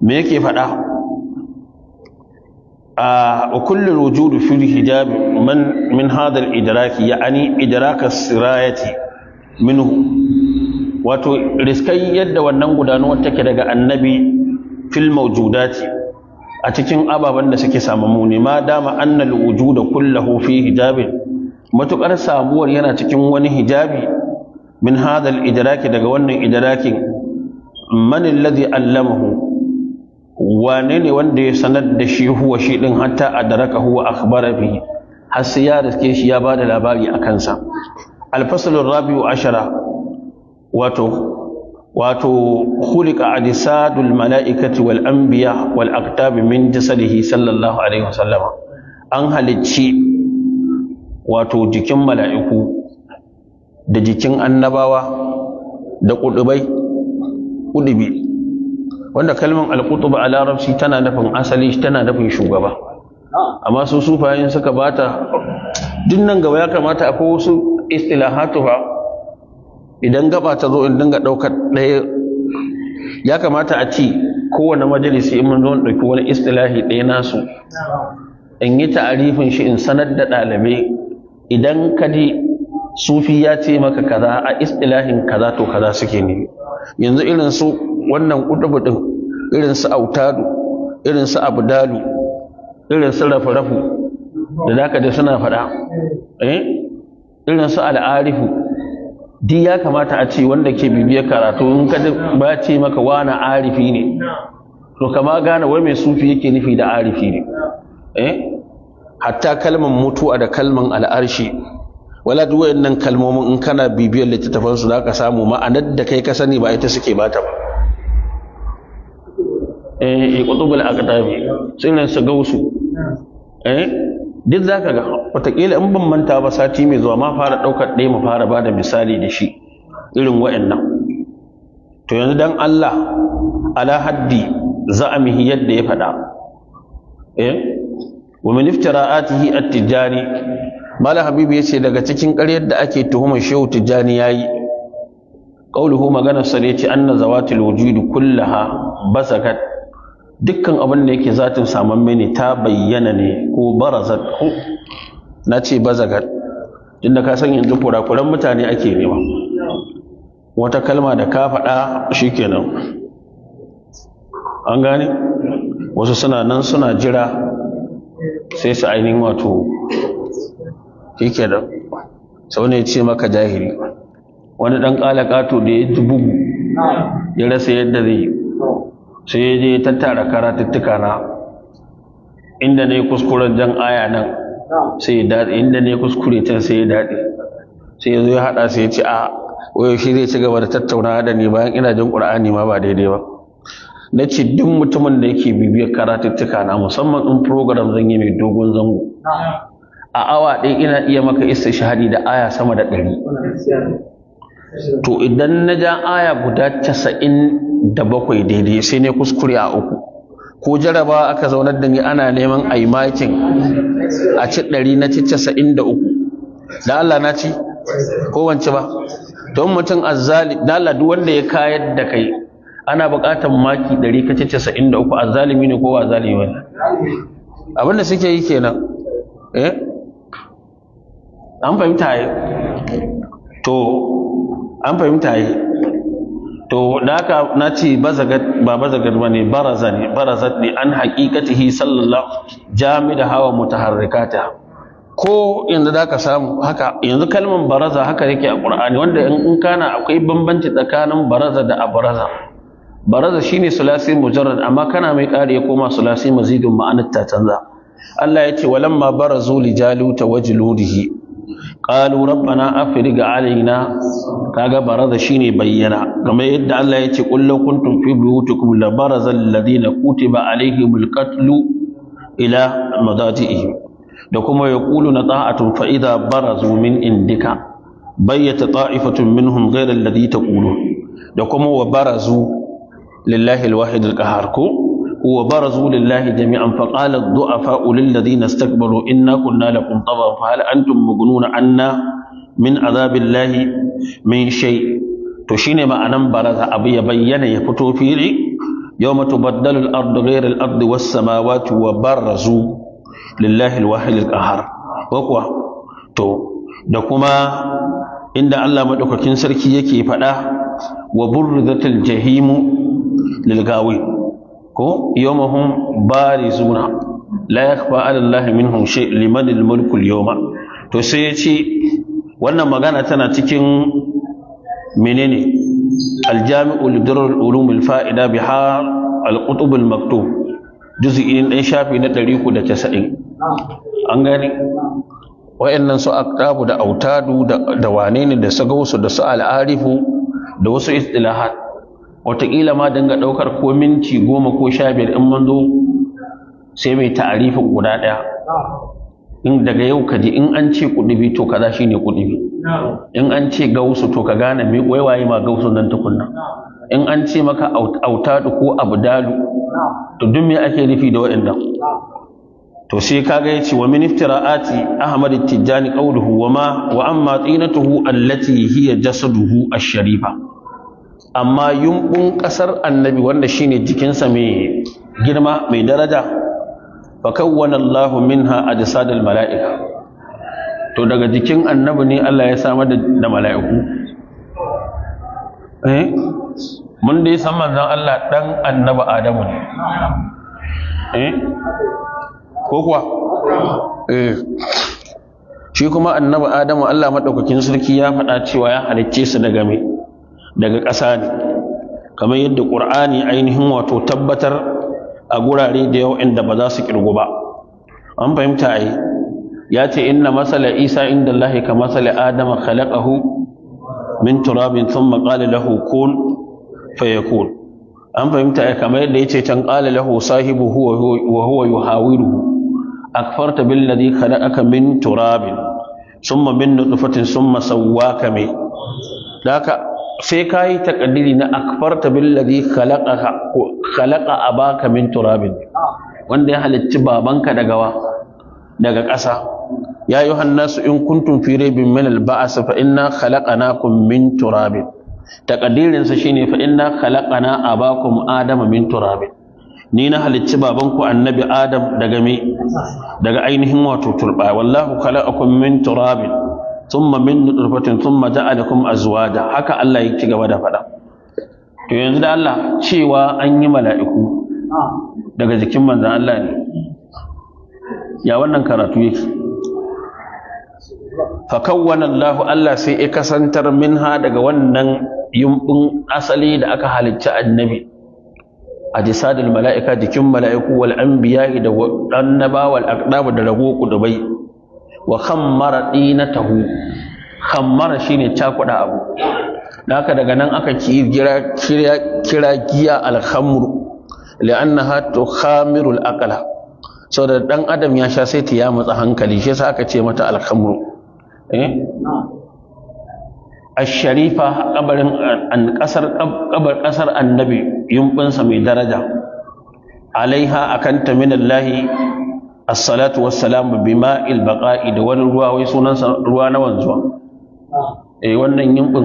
me yake faɗa kullum الوجود في الحجاب من من هذا الإدراك يعني إدراك Sirayati, Minu, wato riskai yadda wannan gudanuwar take daga annabi fil Judati, a cikin ababen da suke samamu ne ma dama annal wujuda kullahu fi hijabin matukar sabuwar yana cikin wani hijabi min hadal idraki daga wannan idrakin man alladhi allamahu wane ne wanda ya sanar da shi huwa shi din hatta adraka huwa akhbara bi har sai ya riske shi ya da labari a kansa Alfasalin rabiu ashara wato wato khuliqa adisadul mala'ikati wal anbiya wal aktabi min jasadihi sallallahu alaihi Wasallama, an halicci wato jikin mala'iku da jikin annabawa da kudubai wanda kalmar alƙutuba a larabci tana nufin asali tana nufin shugaba amma su sufayen suka bata duk nan gaba ya kamata akwai wasu istilahatu ba idan gaba ta zo in dinga ɗaukar ɗaya ya kamata a ci kowane majalisi in mun zo ɗauki wani istilahi ɗaya nasu in yi ta'arifin shi in sanar da ɗalibai idan ka ji sufi ya ce maka kaza a istilahin kaza to kaza suke ne yanzu irin su wannan kutubu din irin su autadu irin su abdalu irin su rafu-rafu da zaka je suna faɗa eh irin su al'arifu di ya kamata a ce wanda ke bibiyar karatu in ka ba ce maka wani arifi ne to kama gane wai mai sufi yake nufi da arifi ne eh hatta kalmar mutuwa da kalmar al'arshi wala duk wayannan kalmomin in kana bibiyar littattafansu za zaka samu ma'anar da kai ka sani ba ita suke bata ba eh qutubul eh, aqtabi sirrin su gausu eh duk zaka ga watakila in ban manta ba sati mai zuwa ma fara daukar ɗaya mu fara bada misali da shi irin wa'annan to yanzu dan Allah ala haddi za'amihi yadda ya faɗa eh wa min iftira'atihi at-tijani mala habibi yace daga cikin ƙaryar da ake tuhumar shehu tijani yayi qauluhu maganar sa ne ce anna zawatil wujudi kullaha basakat dukkan abin da yake zatin saman mene ta bayyana ne ko barazat ko na ce bazagat inda ka san yanzu kurakuran mutane ake nema wata kalma da ka faɗa shi nan. an gane wasu suna nan suna jira sai su ainihin wato shikenan sau ne ce maka jahili wani ɗan ƙato da ya bugu ya rasa yadda zai yi sai je tattara karatuttuka na inda ne kuskuren jan aya nan sai ya inda ne kuskure can sai ya daɗe sai ya zo ya haɗa sai ya ci a wayo shi zai ci gaba da tattaunawa da ni bayan ina jin ƙur'ani ma ba daidai ba na ce duk mutumin da yake bibiyar karatuttuka na musamman in program zan yi mai dogon zango a awa ɗaya ina iya maka isa shahadi da aya sama da ɗari to idan na ja aya guda casa'in da bakwai daidai sai ne kuskure a uku ko jaraba aka zaunar da ni ana neman a yi makin a ci ɗari na ci casa'in da uku da Allah na ci kowance ba don mutum azzali da Allah duk wanda ya kayar da kai ana buƙatar maki ɗari ka ci casa'in da uku azzalimi ne ko azzalimi ne abinda suke yi kenan eh an fahimta yi to an fahimta yi to naka na ce ba bazagat ba ne baraza ne barazat ne an haƙiƙatihi sallallahu jami da hawa mutaharrikata ko yanzu da ka samu haka yanzu kalmar baraza haka yake a ƙur'ani wanda in kana akwai bambanci tsakanin baraza da abaraza baraza shine sulasi mujarrad amma kana mai ƙari ya koma sulasi mazidun ma'anar ta canza Allah ya ce walamma barazu li jaluta wajludihi qalu rabbana afrigh alaina kaga baraza shine bayyana game yadda Allah ya ce qul law kuntum fi buyutikum la baraza alladhina kutiba alaihimul qatl ila madatihim da kuma yaquluna ta'atun fa idha barazu min indika bayyata ta'ifatun minhum ghayra alladhi taqulun da kuma wa barazu lillahi alwahid alqahar ko وبرزوا لله جميعا فقال الضعفاء للذين استكبروا إنا كنا لكم طبعا فهل أنتم مجنون عنا من عذاب الله من شيء تشين ما أنم برز أبي بين يفتو فيري يوم تبدل الأرض غير الأرض والسماوات وبرزوا لله الواحد القهار وقوة تو دكما إن الله مدوكتين سركي يكي فلا وبرزت الجحيم للغاوين ko yawmahum barizuna la yakhfa 'ala Allah minhum shay liman al-mulku to sai yace wannan magana tana cikin menene aljami'u jamiu li durrul ulum faida bihar al-qutub al-maktub juz'in ɗan shafi na 390 an gani wayannan su aqtabu da autadu da wane ne da sagawasu da su al'arifu da wasu istilahat wataƙila ma dinga ɗaukar ko minti goma ko sha biyar in mun zo sai mai ta'arifi guda ɗaya in daga yau ka ji in an ce kudubi to kaza shine kudubi in an ce gausu to ka gane mai waiwaye ma gausu nan tukunna in an ce maka autadu ko abdalu to duk me ake nufi da waɗanda. to sai kaga yace wa min iftira'ati ahmad tijani qawluhu wa ma wa amma tinatuhu allati hiya jasaduhu ash-sharifa amma yumbun ƙasar annabi wanda shine jikinsa mai girma mai daraja fa kawwana Allahu minha ajsadal mala'ika to daga jikin annabi ne Allah ya samar da mala'iku eh mun dai san manzon Allah dan annabi Adamu ne eh ko kuwa eh shi kuma annabi Adamu Allah madaukakin sarki ya faɗa cewa ya halicce su daga mai daga ƙasa ne kamar yadda ƙur'ani ainihin wato tabbatar a gurare da yawa inda ba za su ƙirgu ba an fahimta a yi ya ce inna masala isa inda Allah ka masala adama khalaqahu min turabin sun maƙali lahu kun fayakun an fahimta a kamar yadda ya ce can ƙali lahu sahibu wa huwa yuhawiru akfarta bil ladhi khalaqaka min turabin summa min ma summa ka mai daka sai ka yi takaddiri na akfarta billazi khalaqa abaka min turabin wanda ya halicci babanka daga wa daga ƙasa ya yi hannasu in kuntum fi raibin min al-ba'as fa inna khalaqnakum min turabin takaddirinsa shine fa inna khalaqna abakum adama min turabin ni na halicci babanku annabi adam daga me daga ainihin wato turba wallahu khalaqakum min turabin thumma min nutfatin thumma ja'alakum azwaja haka Allah ya ci gaba da faɗa to yanzu da Allah cewa an yi mala'iku daga jikin manzon Allah ne ya wannan karatu yake fa kawwana Allah Allah sai ya kasantar minha daga wannan yumbin asali da aka halicci annabi a jisadin mala'ika jikin mala'iku wal anbiya da annabawa wal aqdab da rago kudubai wa khammara dinatahu khammara shine cakuda abu haka daga nan aka kira kira giya al li'annaha tukhamiru al'aqla? aqla da dan adam ya sha sai ta ya matsa hankali shi yasa aka ce mata alhamru. eh sharifa kabarin an kasar kabar kasar annabi yumbinsa mai daraja alaiha akanta minallahi as-salatu was salamu bi ma'il baqa'i da wani ruwa wai sunansa ruwa na wanzuwa ah. eh wannan yimbin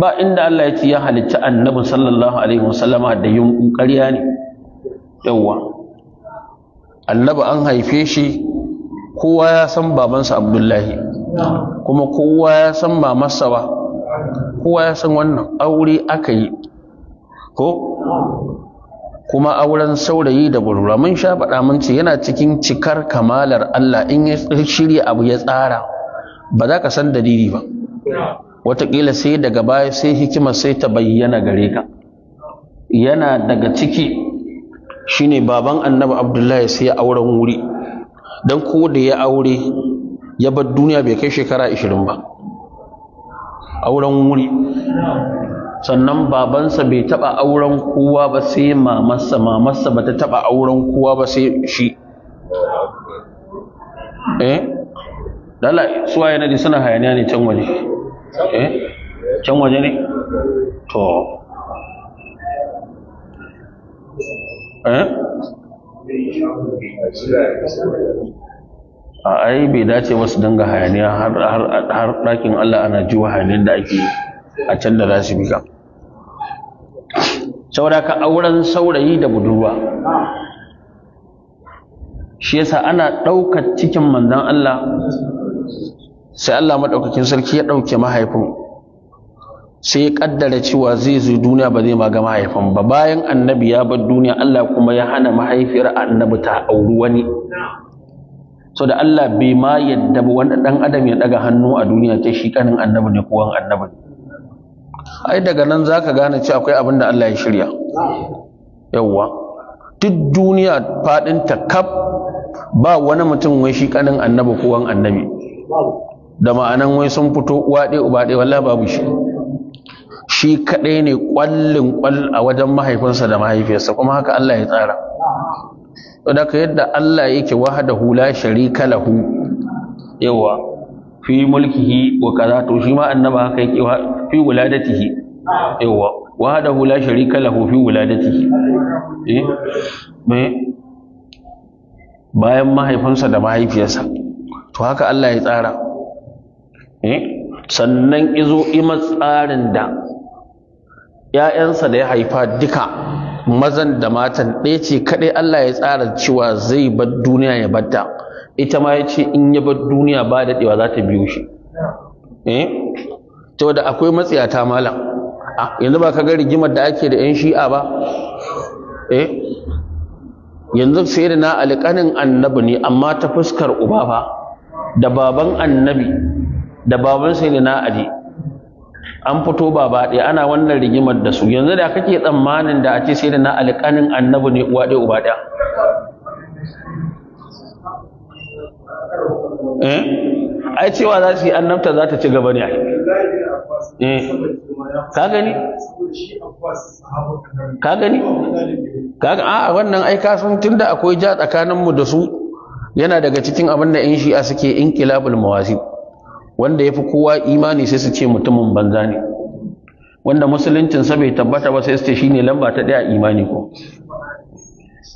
ba inda Allah ya ce ya halitta annabi sallallahu alaihi wasallama da yunku ƙarya ne yawwa annabi an haife shi kowa ya san babansa abdullahi kuma kowa ya san mamarsa ba kowa ya san wannan aure aka yi ko ah. kuma auren saurayi da burura mun sha faɗa mun ce yana cikin cikar kamalar Allah in ya shirya abu ya tsara ba za ka san dalili ba wataƙila sai daga baya sai hikima sai ta bayyana gare ka yana daga ciki shine baban annabi abdullahi sai ya auren wuri don ko da ya aure ya bar duniya bai kai shekara 20 ba auren wuri sannan babansa bai taɓa auren kowa ba sai mamarsa mamarsa ba ta taɓa auren kowa ba sai shi eh dala suwaye na suna hayaniya ne can waje eh can waje ne to eh a ai bai dace wasu dinga hayaniya har ɗakin Allah ana jiwa hayaniyar da ake yi a can da za su bi ka saboda ka auren saurayi da budurwa shi yasa ana ɗaukar cikin manzon Allah sai Allah maɗaukakin sarki ya ɗauke mahaifin sai ya ƙaddara cewa zai zo duniya ba zai ma ga mahaifin ba bayan annabi ya bar duniya Allah kuma ya hana mahaifiyar annabi ta auri wani so da Allah bai ma yadda ba wani ɗan adam ya ɗaga hannu a duniya ta shi ƙanin annabi ne ko annabi ne ai daga nan za ka gane ce akwai abin da Allah ya shirya yawwa duk duniya faɗinta kaf ba wani mutum wai shi kanin annabi ko wani annabi da ma'anan wai sun fito uwa ɗaya uba ɗaya wallahi babu shi shi kaɗai ne ƙwallin ƙwall a wajen mahaifinsa da mahaifiyarsa kuma haka Allah ya tsara saboda yadda Allah yake wahada hula sharika lahu yawa fi mulkihi wa kaza to shi ma annaba haka yake wa fi wuladatihi yawa wahdahu la sharika lahu fi wuladatihi eh, bayan mahaifinsa da mahaifiyarsa to haka Allah ya tsara eh, sannan izo ima tsarin da ‘ya'yansa da ya haifa duka mazan da matan ɗaya ce kaɗai Allah ya tsara cewa zai bar duniya ya batta ita ma ya ce in ya bar duniya ba daɗewa za ta biyo shi ta eh? wadda akwai ta malam yanzu ba ka ga rigimar da ake da 'yan shi'a ba eh? yanzu sai da na alƙanin annabi ne amma ta fuskar uba fa da baban annabi da baban sai da na ali an fito ba ba ɗaya ana wannan rigimar da su yanzu da kake tsammanin da a ce sai da na alƙanin annabi ne uwa ɗaya uba ɗaya eh ai cewa za su yi annabta za ta ci gaba ne eh. ka gani ka gani ka a wannan ai ka san tunda akwai ja tsakanin mu da su yana daga cikin abin da in shi'a suke inqilabul mawasi wanda yafi kowa imani sai su ce mutumin banza ne wanda musuluncin sa bai tabbata ba sai su ce shine lamba ta daya imani ko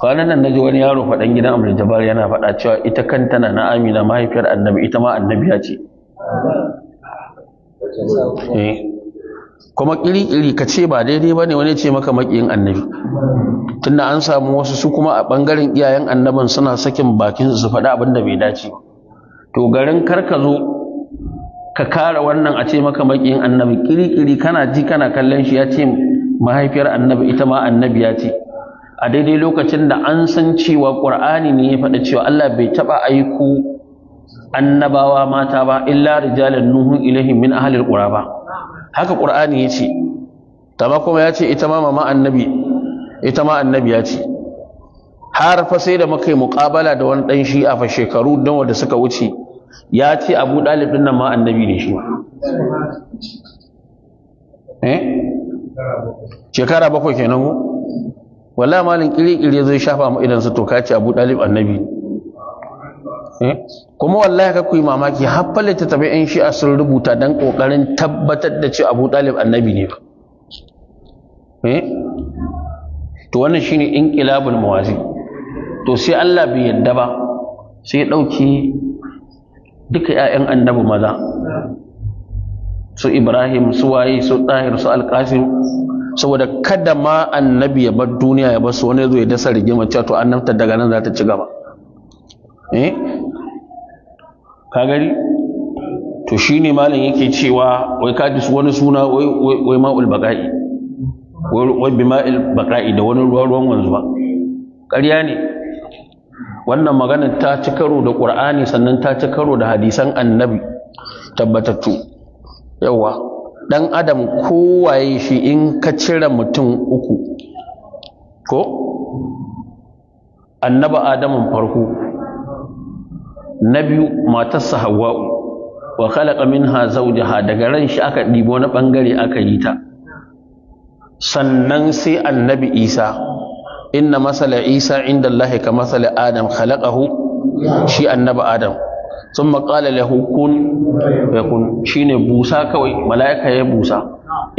kwanan nan naji wani yaro faɗan gidan Abdul Jabbar yana faɗa cewa ita kanta na na Amina mahaifiyar Annabi ita ma annabiya ce eh. kuma kiri-kiri ka ce ba daidai ba ne wani ce maka makiyin annabi tunda an samu wasu su kuma a ɓangaren iyayen annabin suna sakin bakin su abinda abin da bai dace to garin kar ka zo ka kara wannan a ce maka makiyin annabi kiri-kiri kana ji kana kallon shi ya ce mahaifiyar annabi ita ma annabi ya ce a daidai lokacin da an san cewa ƙur'ani ne ya faɗa cewa Allah bai taɓa aiko annabawa mata ba illa rijalan nuhun ilahi min ahalil ƙura ba haka ƙur'ani ya ce tama kuma ya ce ita ma mama annabi ita ma annabi ya ce har fa sai da muka yi muƙabala da wani ɗan a fa shekaru don wanda suka wuce ya ce abu ɗalib ɗin nan ma annabi ne shi eh shekara bakwai kenan ku. wala malin kiri-kiri zai shafa mu idan su toka kaci abu dalib annabi eh? kuma wallahi ka kuyi mamaki haffale ta tabi yan shi'a sun rubuta don kokarin tabbatar da ci abu dalib annabi ne ba eh? to wannan shine inqilabul mawazi to sai Allah bai yadda ba sai ya dauki duka ƴaƴan annabi maza su Ibrahim su waye su Tahir su Alqasim saboda kada ma annabi ya bar duniya ya bar su wani zo ya dasa rigima cewa to annabta daga nan za ta ci gaba eh ka gari to shine malam yake cewa wai ka wani suna wai wai ma'ul baqa'i wai ma'il baqa'i da wani ruwa ruwan wanzuwa ƙarya ne wannan magana ta ci karo da ƙur'ani sannan ta ci karo da hadisan annabi tabbatattu yawa ɗan adam kowaye shi in ka cire mutum uku ko annaba adamun farko na biyu matarsa hawa'u wa khalaqa minha zawjaha daga ran shi aka ɗibo na ɓangare aka yi ta sannan sai annabi isa inna masala isa inda allahi ka masala adam khalaqahu shi annaba adam ثم قال ya kun shi ne busa kawai, mala'ika ya busa.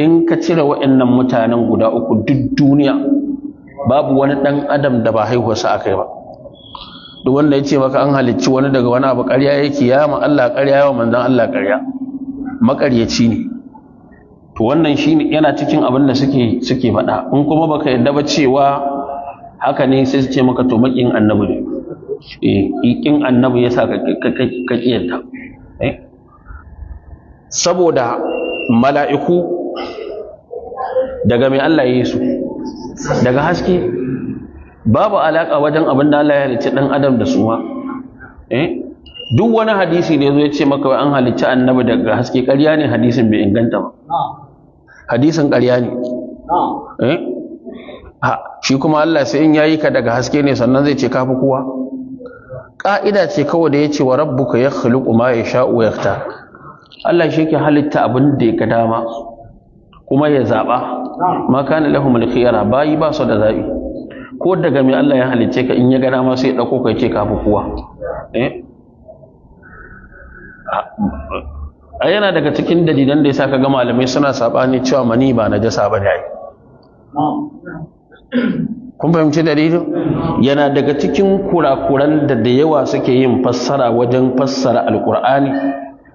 in ka cire wa'annan mutanen guda uku duk duniya babu wani ɗan adam da ba haihuwarsa aka yi ba duk wanda ya ce maka an halicci wani daga wani abu ƙarya yake ya ma Allah ƙarya wa manzan Allah ƙarya maƙaryaci ne to wannan shi yana cikin abin da suke suke faɗa in kuma baka yarda ba cewa haka ne sai su ce maka to maƙin annabi ne ƙin eh, annabi ya sa ka ƙiyanta eh? saboda mala'iku daga mai Allah ya yi su daga haske babu alaƙa wajen abin da Allah ya halicci ɗan adam da suma eh? duk wani hadisi da ya zo ya ce maka an halicci annabi daga haske ƙarya ne hadisin bai inganta ba hadisin ƙarya ne shi kuma Allah sai in yayi ka daga haske ne sannan zai ce kafi kowa ƙa'ida ce kawai da ya ce wa rabbuka ya khuluqu ma ya sha'u ta Allah shi ke halitta abin da ya ga dama kuma ya zaɓa. ma na lafi mulki yara bayi ba su da zaɓi. ko daga mai Allah ya halicce ka in ya ga dama sai ya dauko kai ce kafi kuwa? Eh? a yana daga cikin dalilan da ya sa ka ga malamai suna saɓa ne cewa mani ba na jasa ba da yi. kun fahimci dalilin yana daga cikin kurakuran da da yawa suke yin fassara wajen fassara alkur'ani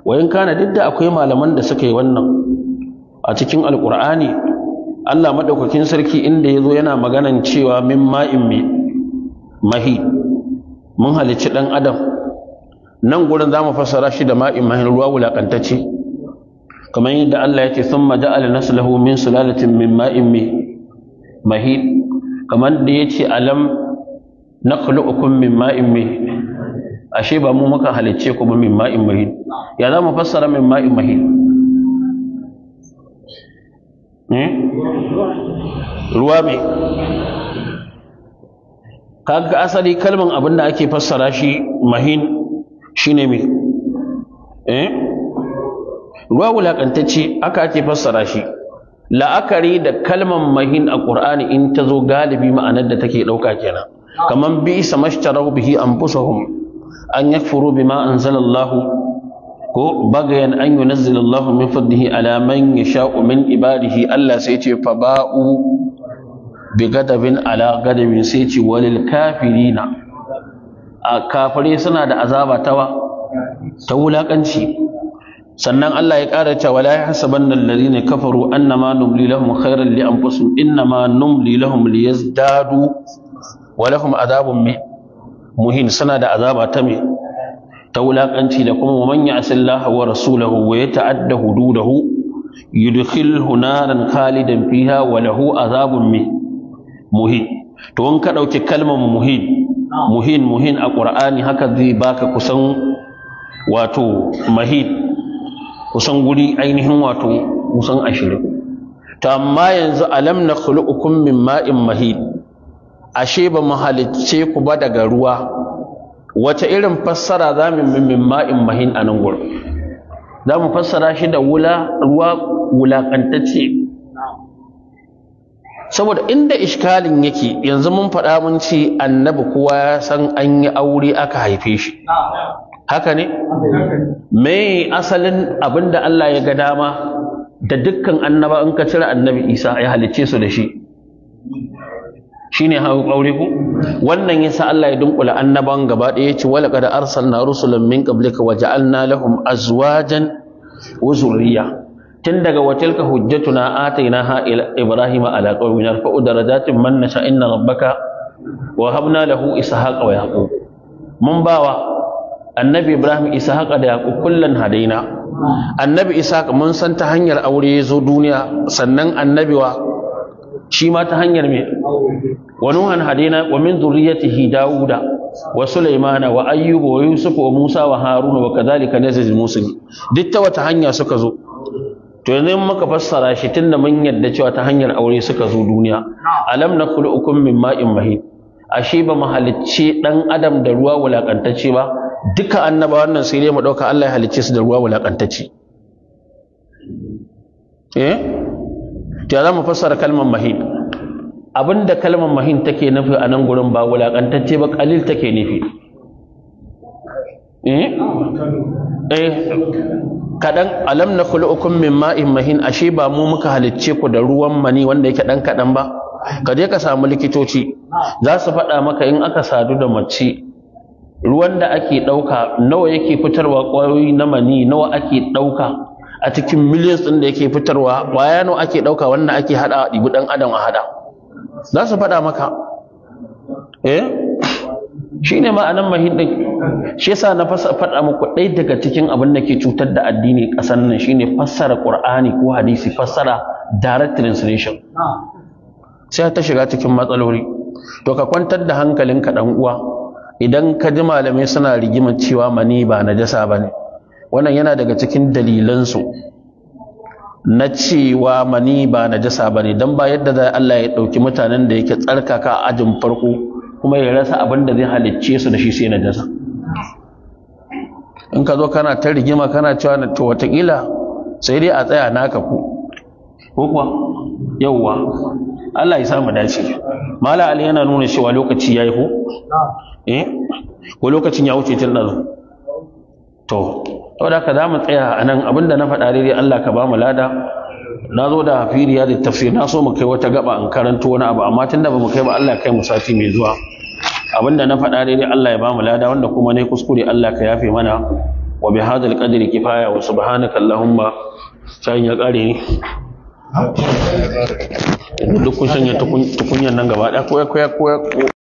wayan kana duk da akwai malaman da suka yi wannan a cikin alkur'ani Allah madaukakin sarki inda yazo yana maganan cewa min ma'in mi mahi mun halici dan adam nan gurin zamu fassara shi da ma'in mahin ruwa wulakantacce kamar yadda Allah ya ce summa ja'ala naslahu min sulalatin min ma'in mi mahi. kamar da ya ce alam na khuluqukum min ma'in mahin ashe ba mu muka halicce ku ba min ma'in mahin ya za mu fassara min ma'in mahin hmm? ruwa mai kaga asali kalman abin da ake fassara shi mahin shine mai eh? ruwa wulaƙantacce aka ake fassara shi la'akari da kalmar mahin a ƙur'ani in ta zo galibi ma'anar da take ɗauka kenan kamar bi isa mashtarau bihi an fusahum an yakfuru bima anzalallahu ko bagayan an yunazzilallahu min fadlihi ala man yasha'u umin ibadihi Allah sai ce fa ba'u bi gadabin ala gadabin sai ce walil kafirina a kafare suna da azaba tawa ta wulakanci sannan Allah ya ƙara cewa la yahsabanna alladhina kafaru annama numli lahum khairan li anfusihim innama numli lahum liyazdadu wa lahum adhabun muhin suna da azaba ta me ta wulakanci da kuma man ya'sillaha wa rasulahu wa yata'adda hududahu yudkhilhu naran khalidan fiha wa lahu adhabun muhin to in ka dauki kalmar muhin muhin muhin a qur'ani haka zai baka kusan wato muhin? kusan guri ainihin wato kusan ashirin ta amma yanzu alam na khuluqukum min ma'in mahid ashe ba mu halicce ku ba daga ruwa wace irin fassara za mu min ma'in mahin a nan gurin za mu fassara shi da wula ruwa wulakantacce saboda inda iskalin yake yanzu mun faɗa mun ce annabi kowa ya san an yi aure aka haife shi haka ne me asalin abinda Allah ya ga dama da dukkan annaba in ka cire annabi Isa ya halicce su da shi shine hawo kaure ku wannan yasa Allah ya dunkula annaban gaba da yace wala qad arsalna rusulan min qablika wa ja'alna lahum azwajan wa zurriya tun daga watilka hujjatuna ha ila ibrahim ala qaumin yarfa'u darajatin man nasha inna rabbaka wa habna lahu ishaqa wa yaqub mun bawa annabi ibrahim haka da yaƙu kullum hadaina annabi ishaq mun san ta hanyar aure ya zo duniya sannan annabi wa shi ma ta hanyar me wa nuhan hadaina wa min zurriyyatihi Dawuda wa sulaimana wa ayyuba wa yusuf wa musa wa haruna wa kadhalika nazil musulmi duk ta wata hanya suka zo to yanzu muka fassara shi tunda mun yadda cewa ta hanyar aure suka zo duniya alam na khuluqukum min ma'in mahin ashe ba halicce dan adam da ruwa wulakantacce ba duka annaba wannan sai dai mu ɗauka Allah ya halicce su da ruwa wulaƙantacce eh ya zama fassara kalmar mahin abinda kalmar mahin take nufi a nan gurin ba wulaƙantacce ba ƙalil take nufi eh eh kadan alam nakhluqukum min ma'in mahin ashe ba mu muka halicce ku da ruwan mani wanda yake ɗan kaɗan ba ka je ka samu likitoci za su faɗa maka in aka sadu da mace ruwan da ake ɗauka nawa yake fitarwa ƙwayoyi na mani nawa ake ɗauka a cikin millions ɗin da yake fitarwa ƙwaya nawa ake ɗauka wannan ake haɗa a ɗibi ɗan adam a haɗa za su faɗa maka eh shi ne ma'anan mahiɗin shi yasa na faɗa muku ɗaya daga cikin abin da ke cutar da addini ƙasar nan shine fassara ƙur'ani ko hadisi fassara direct translation ah. sai ta shiga cikin matsaloli to ka kwantar da hankalinka ɗan uwa idan ka ji malamai suna rigima cewa mani ba na jasa ba ne wannan yana daga cikin dalilansu na cewa mani ba na jasa ba ne don ba yadda za Allah ya ɗauki mutanen da yake tsarkaka a ajin farko kuma ya rasa abin da zai halicce su da shi sai na jasa. in ka zo kana ta rigima kana cewa na to watakila sai dai a tsaya naka ku ko kuwa yauwa Allah ya sa mu dace mala ali yana nuna cewa lokaci yayi ko eh ko lokacin ya wuce tun nan to da ka zamu tsaya anan abinda na faɗa daidai Allah ka ba mu lada na zo da firiya da tafsir na so mu kai wata gaba an karanto wani abu amma tunda ba mu kai ba Allah kai mu sati mai zuwa abinda na faɗa daidai Allah ya ba mu lada wanda kuma ne kuskure Allah ka yafe mana wa bi hadal qadri kifaya wa subhanaka allahumma sai ya kare ni duk kun shanya tukunyar nan gaba ɗaya ko ya ko ya ko